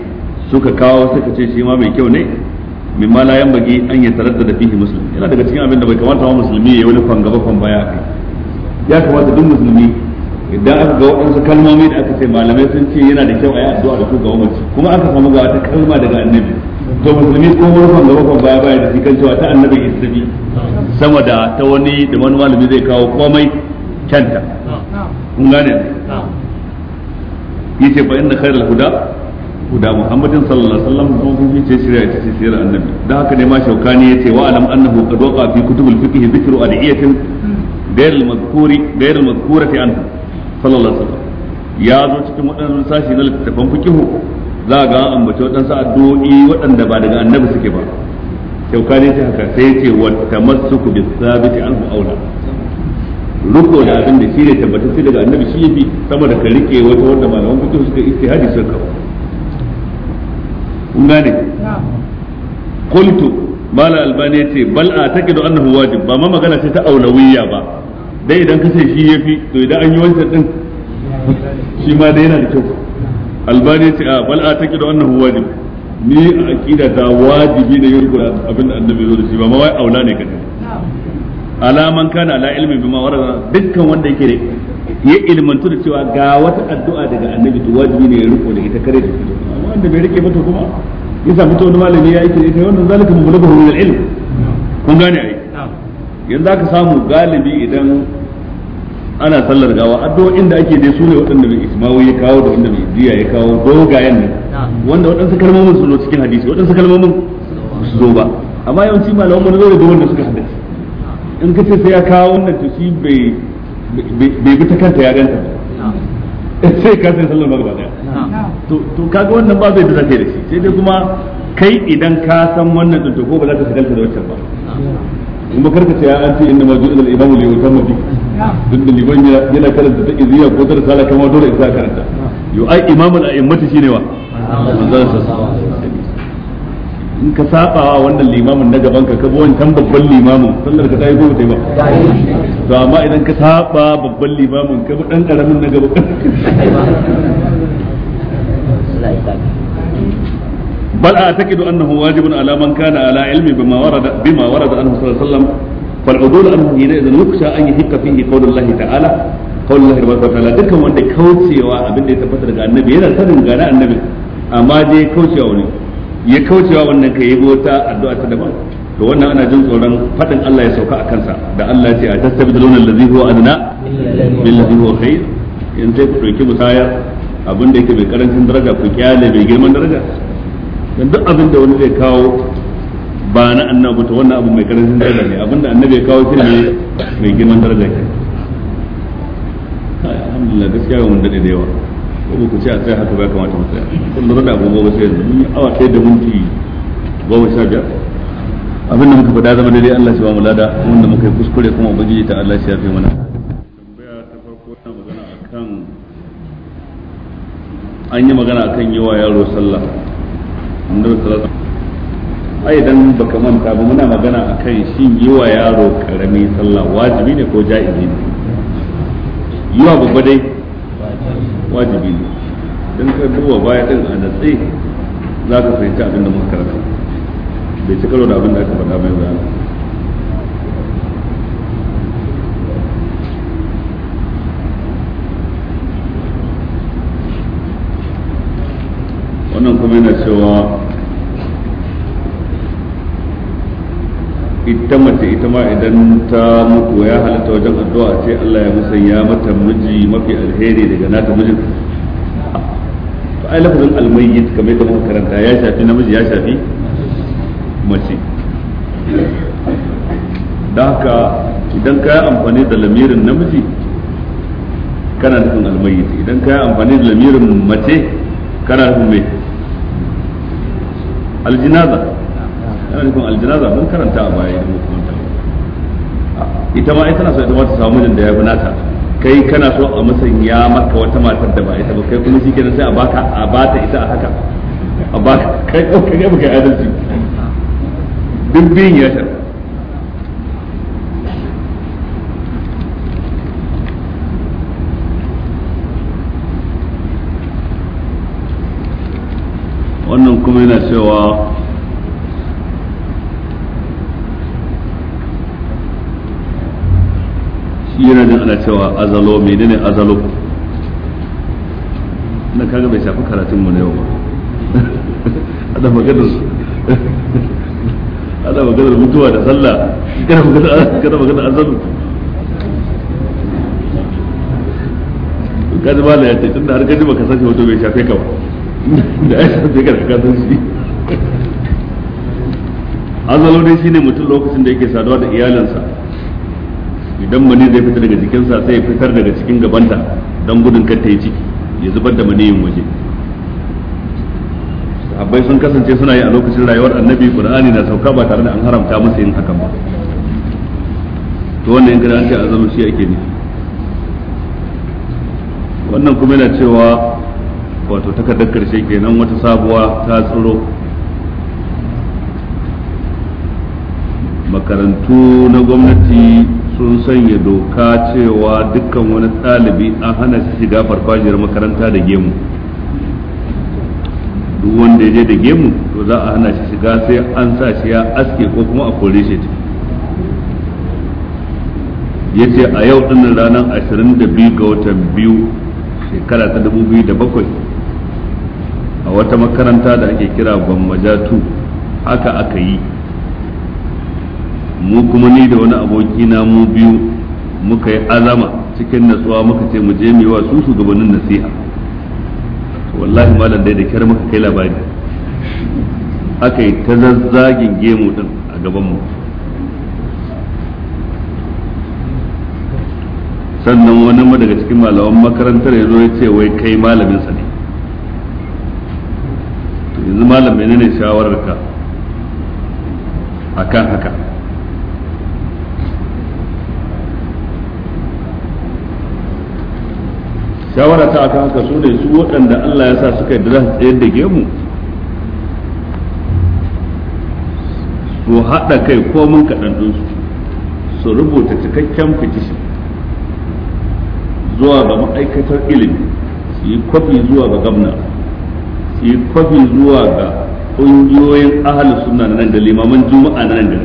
suka kawo suka ce shi ma mai kyau ne mimma la bagi an yataradda da fihi musulmi. yana daga cikin abin da bai kamata wa musulmi ya wani fangaba fan baya kai ya kamata duk musulmi idan aka ga waɗansu kalmomi da aka ce malamai sun ce yana da kyau a yi addu'a da su ga umarci kuma aka samu ga wata kalma daga annabi to musulmi ko wani fangaba fan baya baya da shi kan cewa ta annabi islami sama da ta wani da wani malami zai kawo komai kyanta kun gane yace fa inna khairal huda huda muhammadin sallallahu alaihi wasallam kuma kun yace shirya ita ce sirrin annabi dan haka ne ma shaukani yace wa alam annahu qad waqa fi kutubul fiqh dhikru adiyatin غير المذكور غير المذكورة عنه صلى الله عليه وسلم ya zo cikin waɗannan sashi na littattafan fikihu za ga an ambaci waɗansu addu'o'i waɗanda ba daga annabi suke ba kyauka ne ta haka sai ce wa tamassuku bis sabiti anhu aula ruko da abin da shi ne tabbatacce daga annabi shi yafi sama da ka rike wata wanda malaman kuke suka ijtihadi sun kawo kun gane qultu mala albani yace bal a take da annahu wajib ba ma magana ce ta aulawiyya ba dai idan ka ce shi yafi to idan an yi wancan din shi ma dai yana da kyau albani yace a bal a take da annahu wajib ni a aqida ta wajibi da yin abin da annabi zo da shi ba ma wai aula ne kadai ala man kana ala ilmi bima warada dukkan wanda yake da ya ilmantu da cewa ga wata addu'a daga annabi to wajibi ne ya riko da ita kare da amma wanda bai rike mata kuma ya samu ta wani malami ya yake ita wannan zalika mublaghu min al-ilm kun gane ai yanzu aka samu galibi idan ana sallar gawa addu'o'in da ake dai sune waɗanda mai ismawi ya kawo da wanda mai jiya ya kawo dogayen nan wanda waɗansu kalmomin su zo cikin hadisi waɗansu kalmomin su zo ba amma yawanci malaman mun zo da wanda suka hadisi in ka ce sai ya kawo wannan to shi bai bai bi ta kanta ya ganta [laughs] sai ka sai sallar magaba daya to to kaga wannan ba zai da da shi sai dai kuma kai idan ka san wannan din to ko ba za ka shagalta da wancan ba kuma karka ce ya an ce inna ma ju'al imamu li yutamma bi duk da liban yana karanta ta iziya ko ta sala kamar dole in sa karanta yo ai imamul a'immatu shine wa manzon sallallahu in ka saba wannan limamin na gaban ka kabo wancan babban limamin sallar ka tayi ko ba ba to amma idan ka saba babban limamin ka bi dan karamin na gaban بل اعتقد انه واجب على من كان على علم بما ورد بما ورد عنه صلى الله عليه وسلم فالعدول عنه حينئذ يخشى ان يحق فيه قول الله تعالى قول الله تبارك وتعالى دكان wanda kaucewa abin da ya tabbata daga annabi yana sanin gane annabi amma dai kaucewa ne ya kaucewa wannan kai yabi wata addu'a ta daban to wannan ana jin tsoron fadin Allah ya sauka a kansa da Allah ya ce a tastabdiluna allazi huwa adna bil ladhi huwa khair in sai ku ki musaya abin da yake bai karancin daraja ku kyale bai girman daraja dan duk abin da wani zai kawo ba na annabi to wannan abu mai karancin daraja ne abin da annabi ya kawo shine mai girman daraja ke alhamdulillah gaskiya mun dade da yawa sai ku ce a tsaya haka ba kamata mu tsaya kun da ba sai yanzu mun yi awa da minti goma sha biyar abin da muka faɗa zama daidai Allah shi ba mu lada wanda muka yi kuskure kuma ubangiji ta Allah shi ya fi mana tambaya ta farko magana akan an yi magana akan yi wa yaro sallah annabi sallallahu ai idan baka manta ba muna magana akan shin yi wa yaro karami sallah wajibi ne ko ja'izi ne yi wa babba dai wajibi ne don ka duba baya din a natsi za ka fahimci abin da muka karanta bai ci karo da abin da aka faɗa mai bayani wannan kuma yana cewa ita mace ita ma idan ta mutu ya halatta wajen addu'a ce Allah ya musanya mata miji mafi alheri daga nata mijin to ai lafazin almayyit kamar yadda muka karanta ya shafi namiji ya shafi mace da haka idan ka yi amfani da lamirin namiji kana nufin almayyit idan ka yi amfani da lamirin mace kana nufin mai aljinaza ana nufin aljanaza mun karanta a baya idan mutum ta ita ma ita na so ita ma ta samu mijin da ya fi nata kai kana so a ya maka wata matar da ba ita ba kai kuma shi kenan sai a baka a bata ita a haka a baka kai ɗauka ne baka adalci duk biyun ya shar wannan kuma yana cewa shi yana jin ana cewa azalo menene azalo na kaga bai shafi karatun mu na ba ada [laughs] maganar ada [laughs] maganar mutuwa da sallah kana maganar kana maganar azalo kaji ba ya ce tunda har kaji baka sace wato bai shafe ka ba [laughs] da ai sai ka ka san shi azalo dai shine mutum lokacin da yake saduwa da iyalinsa idan mani zai fita daga jikinsa sai ya fitar daga cikin gabanta don gudun kar ta yi ciki ya zubar da maniyin waje sahabbai sun kasance suna yi a lokacin rayuwar annabi qur'ani na sauka ba tare da an haramta musu yin hakan ba to wannan da an ce azamin shi ake nufi wannan kuma yana cewa wato takardar karshe kenan wata sabuwa ta tsiro makarantu na gwamnati sun sanya doka cewa dukkan wani ɗalibi an hana shi shiga farfajiyar makaranta da gemu duk wanda ya je da gemu to za a hana shi shiga sai an sa shi ya aske ko kuma a kore shi ya ce a yau ɗin ranar 22 ga watan biyu shekara ta 2007 a wata makaranta da ake kira 2, haka aka yi mu kuma ni da wani aboki na mu biyu muka yi azama cikin natsuwa muka ce mu je mu yi wa su shugabannin nasiha wallahi malam dai da kyar muka kai labari aka yi ta zazzagin gemu din a gaban mu sannan wani ma daga cikin malaman makarantar ya zo ya ce wai kai malamin sa ne to yanzu malam menene shawarar ka akan haka shawara ta akan haka su ne su waɗanda Allah ya sa suka yi da tsayar da gemu su haɗa kai komin kaɗan ɗinsu su rubuta cikakken fitishin zuwa ga ma'aikatar ilimi su yi kwafi zuwa ga gamna su yi kwafi zuwa ga ƙungiyoyin ahalus suna nan da limaman juma'a nan da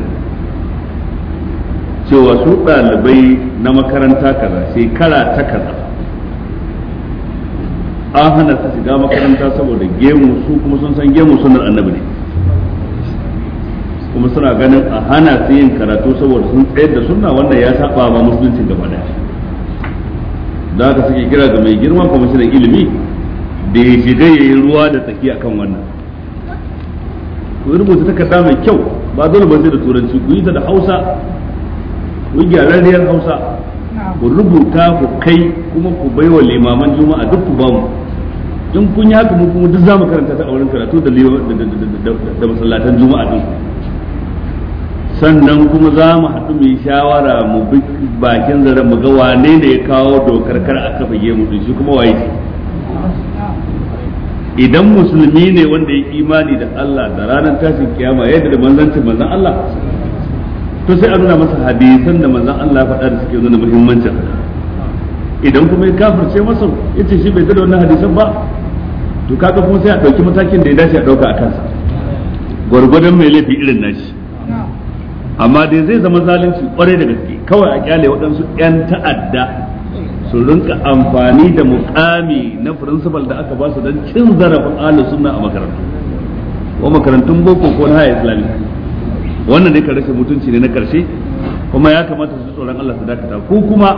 cewa su ɗalibai na makaranta kaza shekara ta kaza an hana su shiga makaranta saboda gemu su kuma sun san gemu sunan annabi ne kuma suna ganin a hana su yin karatu saboda sun tsayar da sunna wannan ya saba ba musulunci gaba daya da haka suke kira ga mai girma kwamishinan ilimi da ya shiga ya yi ruwa da tsaki akan wannan ku rubuta takarda mai kyau ba dole ba sai da turanci ku yi ta da hausa ku yi gyararriyar hausa ku rubuta ku kai kuma ku baiwa limaman juma'a duk ku bamu in kun yi haka mu kuma duk zamu karanta ta a wurin karatu da da masallatan juma'a din sannan kuma za mu haɗu mu yi shawara mu bi bakin zara mu ga wane da ya kawo dokar kar a kafa gemu din shi kuma waye idan musulmi ne wanda ya imani da Allah da ranar tashin kiyama yadda da manzancin manzan Allah to sai a nuna masa hadisan da manzan Allah ya faɗa da suke nuna muhimmancin idan kuma ya kafirce masa yace shi bai da wannan hadisan ba to kaga kuma sai a dauki matakin da ya dace a ɗauka a kansa gwargwadon mai laifi irin nashi amma dai zai zama zalunci kwarai da gaske kawai a kyale waɗansu 'yan ta'adda su rinka amfani da mukami na firinsifal da aka ba su don cin zarafin ahlus sunna a makarantu ko makarantun boko ko na haya islami wannan ne ka mutunci ne na karshe kuma ya kamata su tsoron Allah su dakata ko kuma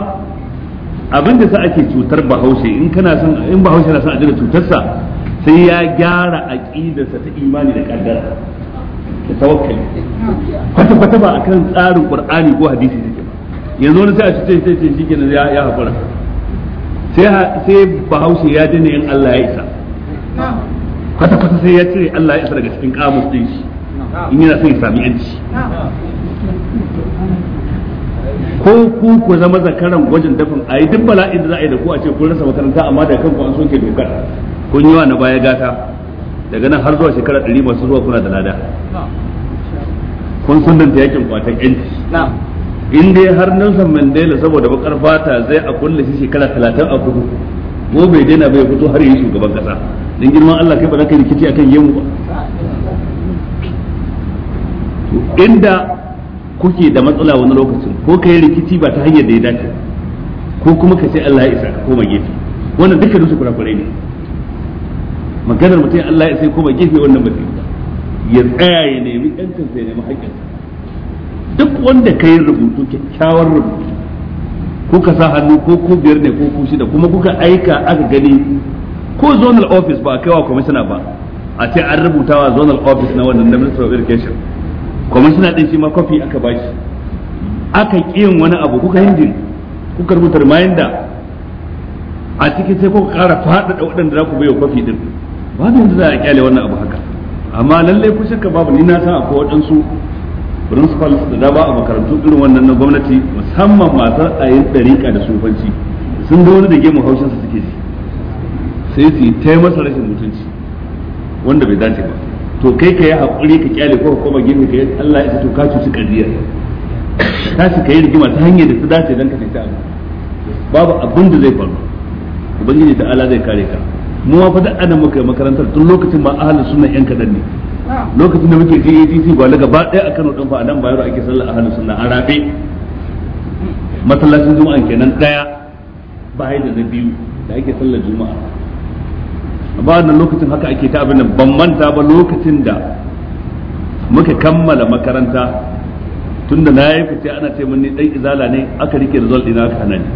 abin da sa ake cutar bahaushe in kana in bahaushe na son a jira cutarsa sai ya gyara aqidarsa ta imani da kaddara da tawakkali kwata kwata ba akan tsarin qur'ani ko hadisi take ba yanzu wani sai a ce sai ce shikenan ya ya hakura sai sai bahaushe ya dane yin Allah ya isa kwata kwata sai ya cire Allah ya isa daga cikin kamus din shi in yana son ya sami yanci ko ku ku zama zakaran gwajin dafin a yi duk bala'in da za a yi da ku a ce kun rasa makaranta amma da kanku an soke dokar kun yi wa na baya gata daga nan har zuwa shekara ɗari masu zuwa kuna da lada kun sundanta yakin kwatan yanci in dai har Nelson Mandela saboda bakar fata zai a kulle shi shekara talatin a kudu ko bai daina bai fito har yi shugaban kasa don girman Allah kai ba za ka rikici akan yin ba inda kuke da matsala wani lokacin ko ka yi rikici ba ta hanyar da ya dace ko kuma ka ce Allah ya isa ka koma gefe wannan duka dusu kurakurai ne maganar mutum Allah ya sai kuma gefe wannan ba ya tsaya ya nemi yancin sai nemi haƙƙin duk wanda ka yi rubutu kyakkyawar rubutu kuka sa hannu ko ku biyar ne ko ko shida kuma kuka aika aka gani ko zonal office ba a kaiwa kwamishina ba a ce an rubutawa zonal office na wannan na minister of education kwamishina ɗin shi ma kwafi aka bashi aka ƙiyin wani abu kuka hinjin kuka rubuta reminder a cikin sai kuka ƙara faɗaɗa waɗanda za ku bayo kofi kwafi ɗin babu yadda za a kyale wannan abu haka amma lallai ku shakka babu ni na san akwai waɗansu principal da dama a makarantu irin wannan na gwamnati musamman masu ayin ɗariƙa da sufanci sun da wani da gemu haushinsa suke ji sai su yi ta masa rashin mutunci wanda bai dace ba to kai ka yi haƙuri ka kyale ko ka koma gefe ka yi Allah ya to ka cuci kadiya tashi ka yi rigima ta hanyar da ta dace don ka fita abu babu abin da zai faru ubangiji ta ala zai kare ka mu ma fa duk ana muka makarantar tun lokacin ma ahlus sunna yan kadan ne lokacin da muke ba daga ba ɗaya a Kano din fa a nan bayar ake sallar ahlus sunna a rabe masallacin juma'a kenan daya bai da na biyu da ake sallar juma'a a ba wannan lokacin haka ake ta abin nan ban manta ba lokacin da muka kammala makaranta tunda na yi fice ana ce mun ni dan izala ne aka rike result dina aka hana ni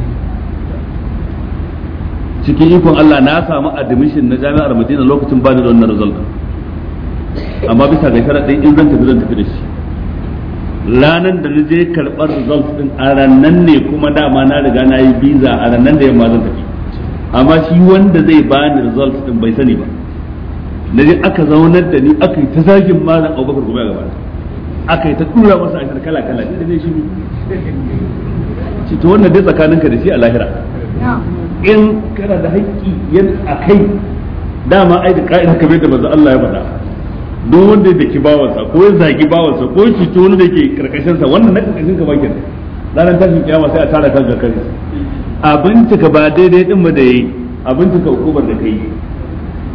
cikin ikon Allah na samu admission na jami'ar Madina lokacin ba ni da wannan result amma bisa ga sharadin in zan tafi zan tafi da shi ranan da je karbar result din a ranan ne kuma dama na riga na yi visa a ranan da yamma zan tafi amma shi wanda zai bani result din bai sani ba na je aka zaunar da ni aka yi ta zagin malam Abubakar kuma gaba aka yi ta tura masa a kala kala ne da zai shi ci to wannan dai tsakaninka da shi a lahira in kana da haƙƙi a kai dama ai da ka'ida kamar da manzo Allah ya faɗa duk wanda ki daki sa ko ya zagi sa ko ya cuci wanda yake karkashin sa wannan na karkashin ka bakin ranar tashin kiyama sai a tara ka ga kai abin ka ba daidai din ba da yayi abin ka hukumar da kai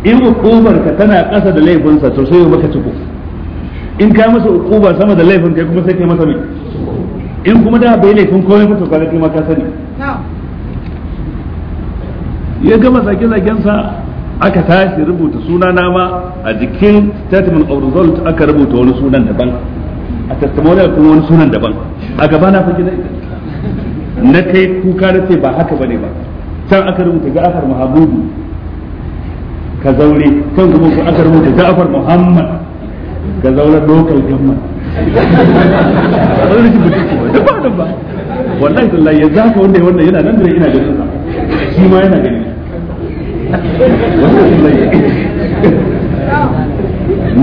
in hukumar ka tana ƙasa da laifinsa to sai maka ciko in kai masa hukuma sama da laifin kai kuma sai kai masa mai in kuma da bai laifin komai ba to kai ma ka sani ya gama zage-zagensa aka tashi rubuta suna na ma a jikin statement of result aka rubuta wani sunan daban a testimonial kuma wani sunan daban a gaba na fi na na kai kuka na ce ba haka bane ba can aka rubuta ja'afar mahabubu ka zaure can kuma aka rubuta ja'afar muhammad ka zaure local government wallahi tallahi yanzu haka wanda wannan yana nan da ina ganin sa shi ma yana ganin na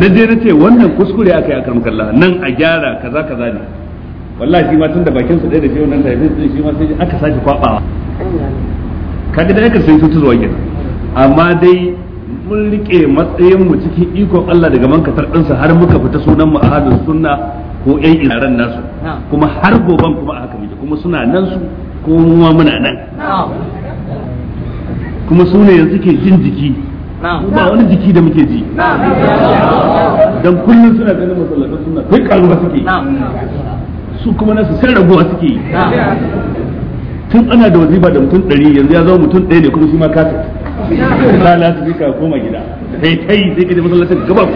je na ce wannan kuskure aka yi akan kalla nan a gyara kaza kaza ne wallahi shi ma tun da bakin su ɗaya da shi wannan taifin din shi ma sai aka sake kwabawa kaga da aka sai tutu zuwa gina amma dai mun rike matsayin mu cikin ikon Allah daga mankatar ɗinsa har muka fita sunan mu hadin sunna ko ƴan ilaran nasu kuma har goban kuma aka muke kuma suna nan su ko mu muna nan kuma su ne yanzu ke jin jiki ba wani jiki da muke ji dan kullum suna ganin masallatan suna kai karuwa suke su kuma nasu sai raguwa suke tun ana da wazifa da mutum ɗari yanzu ya zama mutum ɗaya ne kuma shi ma kasa ta lati ka koma gida sai kai sai kai masallatan gaban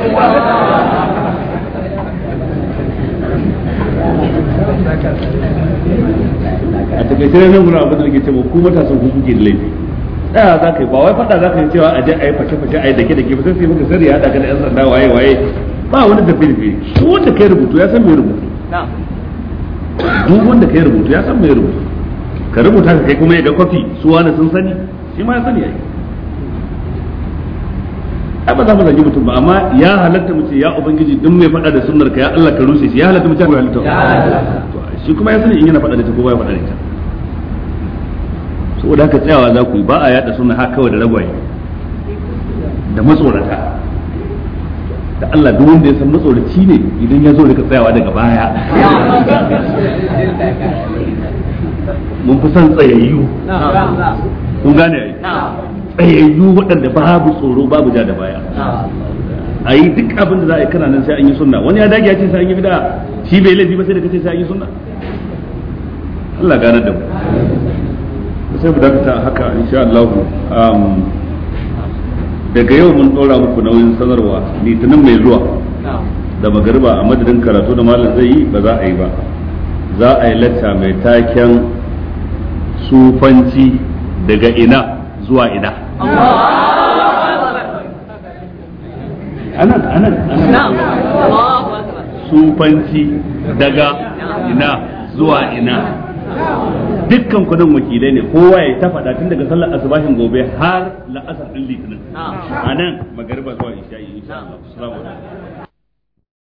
a takaice ne nan gurin abin da nake cewa kuma tasan ku kuke da laifi ɗaya za ka yi ba wai faɗa za ka yi cewa a je a yi fashe-fashe a yi dake-dake ba sai sai maka sirri ya haɗa ka da 'yan sanda waye-waye ba wani da filifi su wanda ka yi rubutu ya san mai rubutu duk wanda ka yi rubutu ya san mai rubutu ka rubuta ka kai kuma ya ga kwafi su wani sun sani shi ma ya sani ya yi ai ba za mu zagi mutum ba amma ya halatta mu ce ya ubangiji duk mai faɗa da sunnar ka ya Allah ka rushe shi ya halatta mu ce ya halatta shi kuma ya sani in yana faɗa da ta ko ba ya faɗa da ta saboda haka tsayawa za ku yi ba a yada suna haka kawai da ragwaye da matsorata da Allah duk wanda ya san matsoraci ne idan ya zo rika tsayawa daga baya mun fi son tsayayyu kun gane ai tsayayyu waɗanda babu tsoro babu ja da baya a yi duk abin da za a yi kana nan sai an yi sunna wani ya dage ya ce sai an yi bida shi bai laifi ba sai da kace sai an yi sunna Allah ganar da mu sai mu dakata haka insha Allah um, daga yau mun dora muku nauyin sanarwa litinin mai zuwa da magariba a madadin karatu da malam zai yi ba za a yi ba za a yi lacca mai taken sufanci daga ina zuwa ina sufanci daga ina zuwa ina dukkan kudin wakilai ne kowa ya ta faɗa tun daga sallar asubahin gobe har la'asar ɗin litinin anan magariba zuwa isha'i insha Allah assalamu alaikum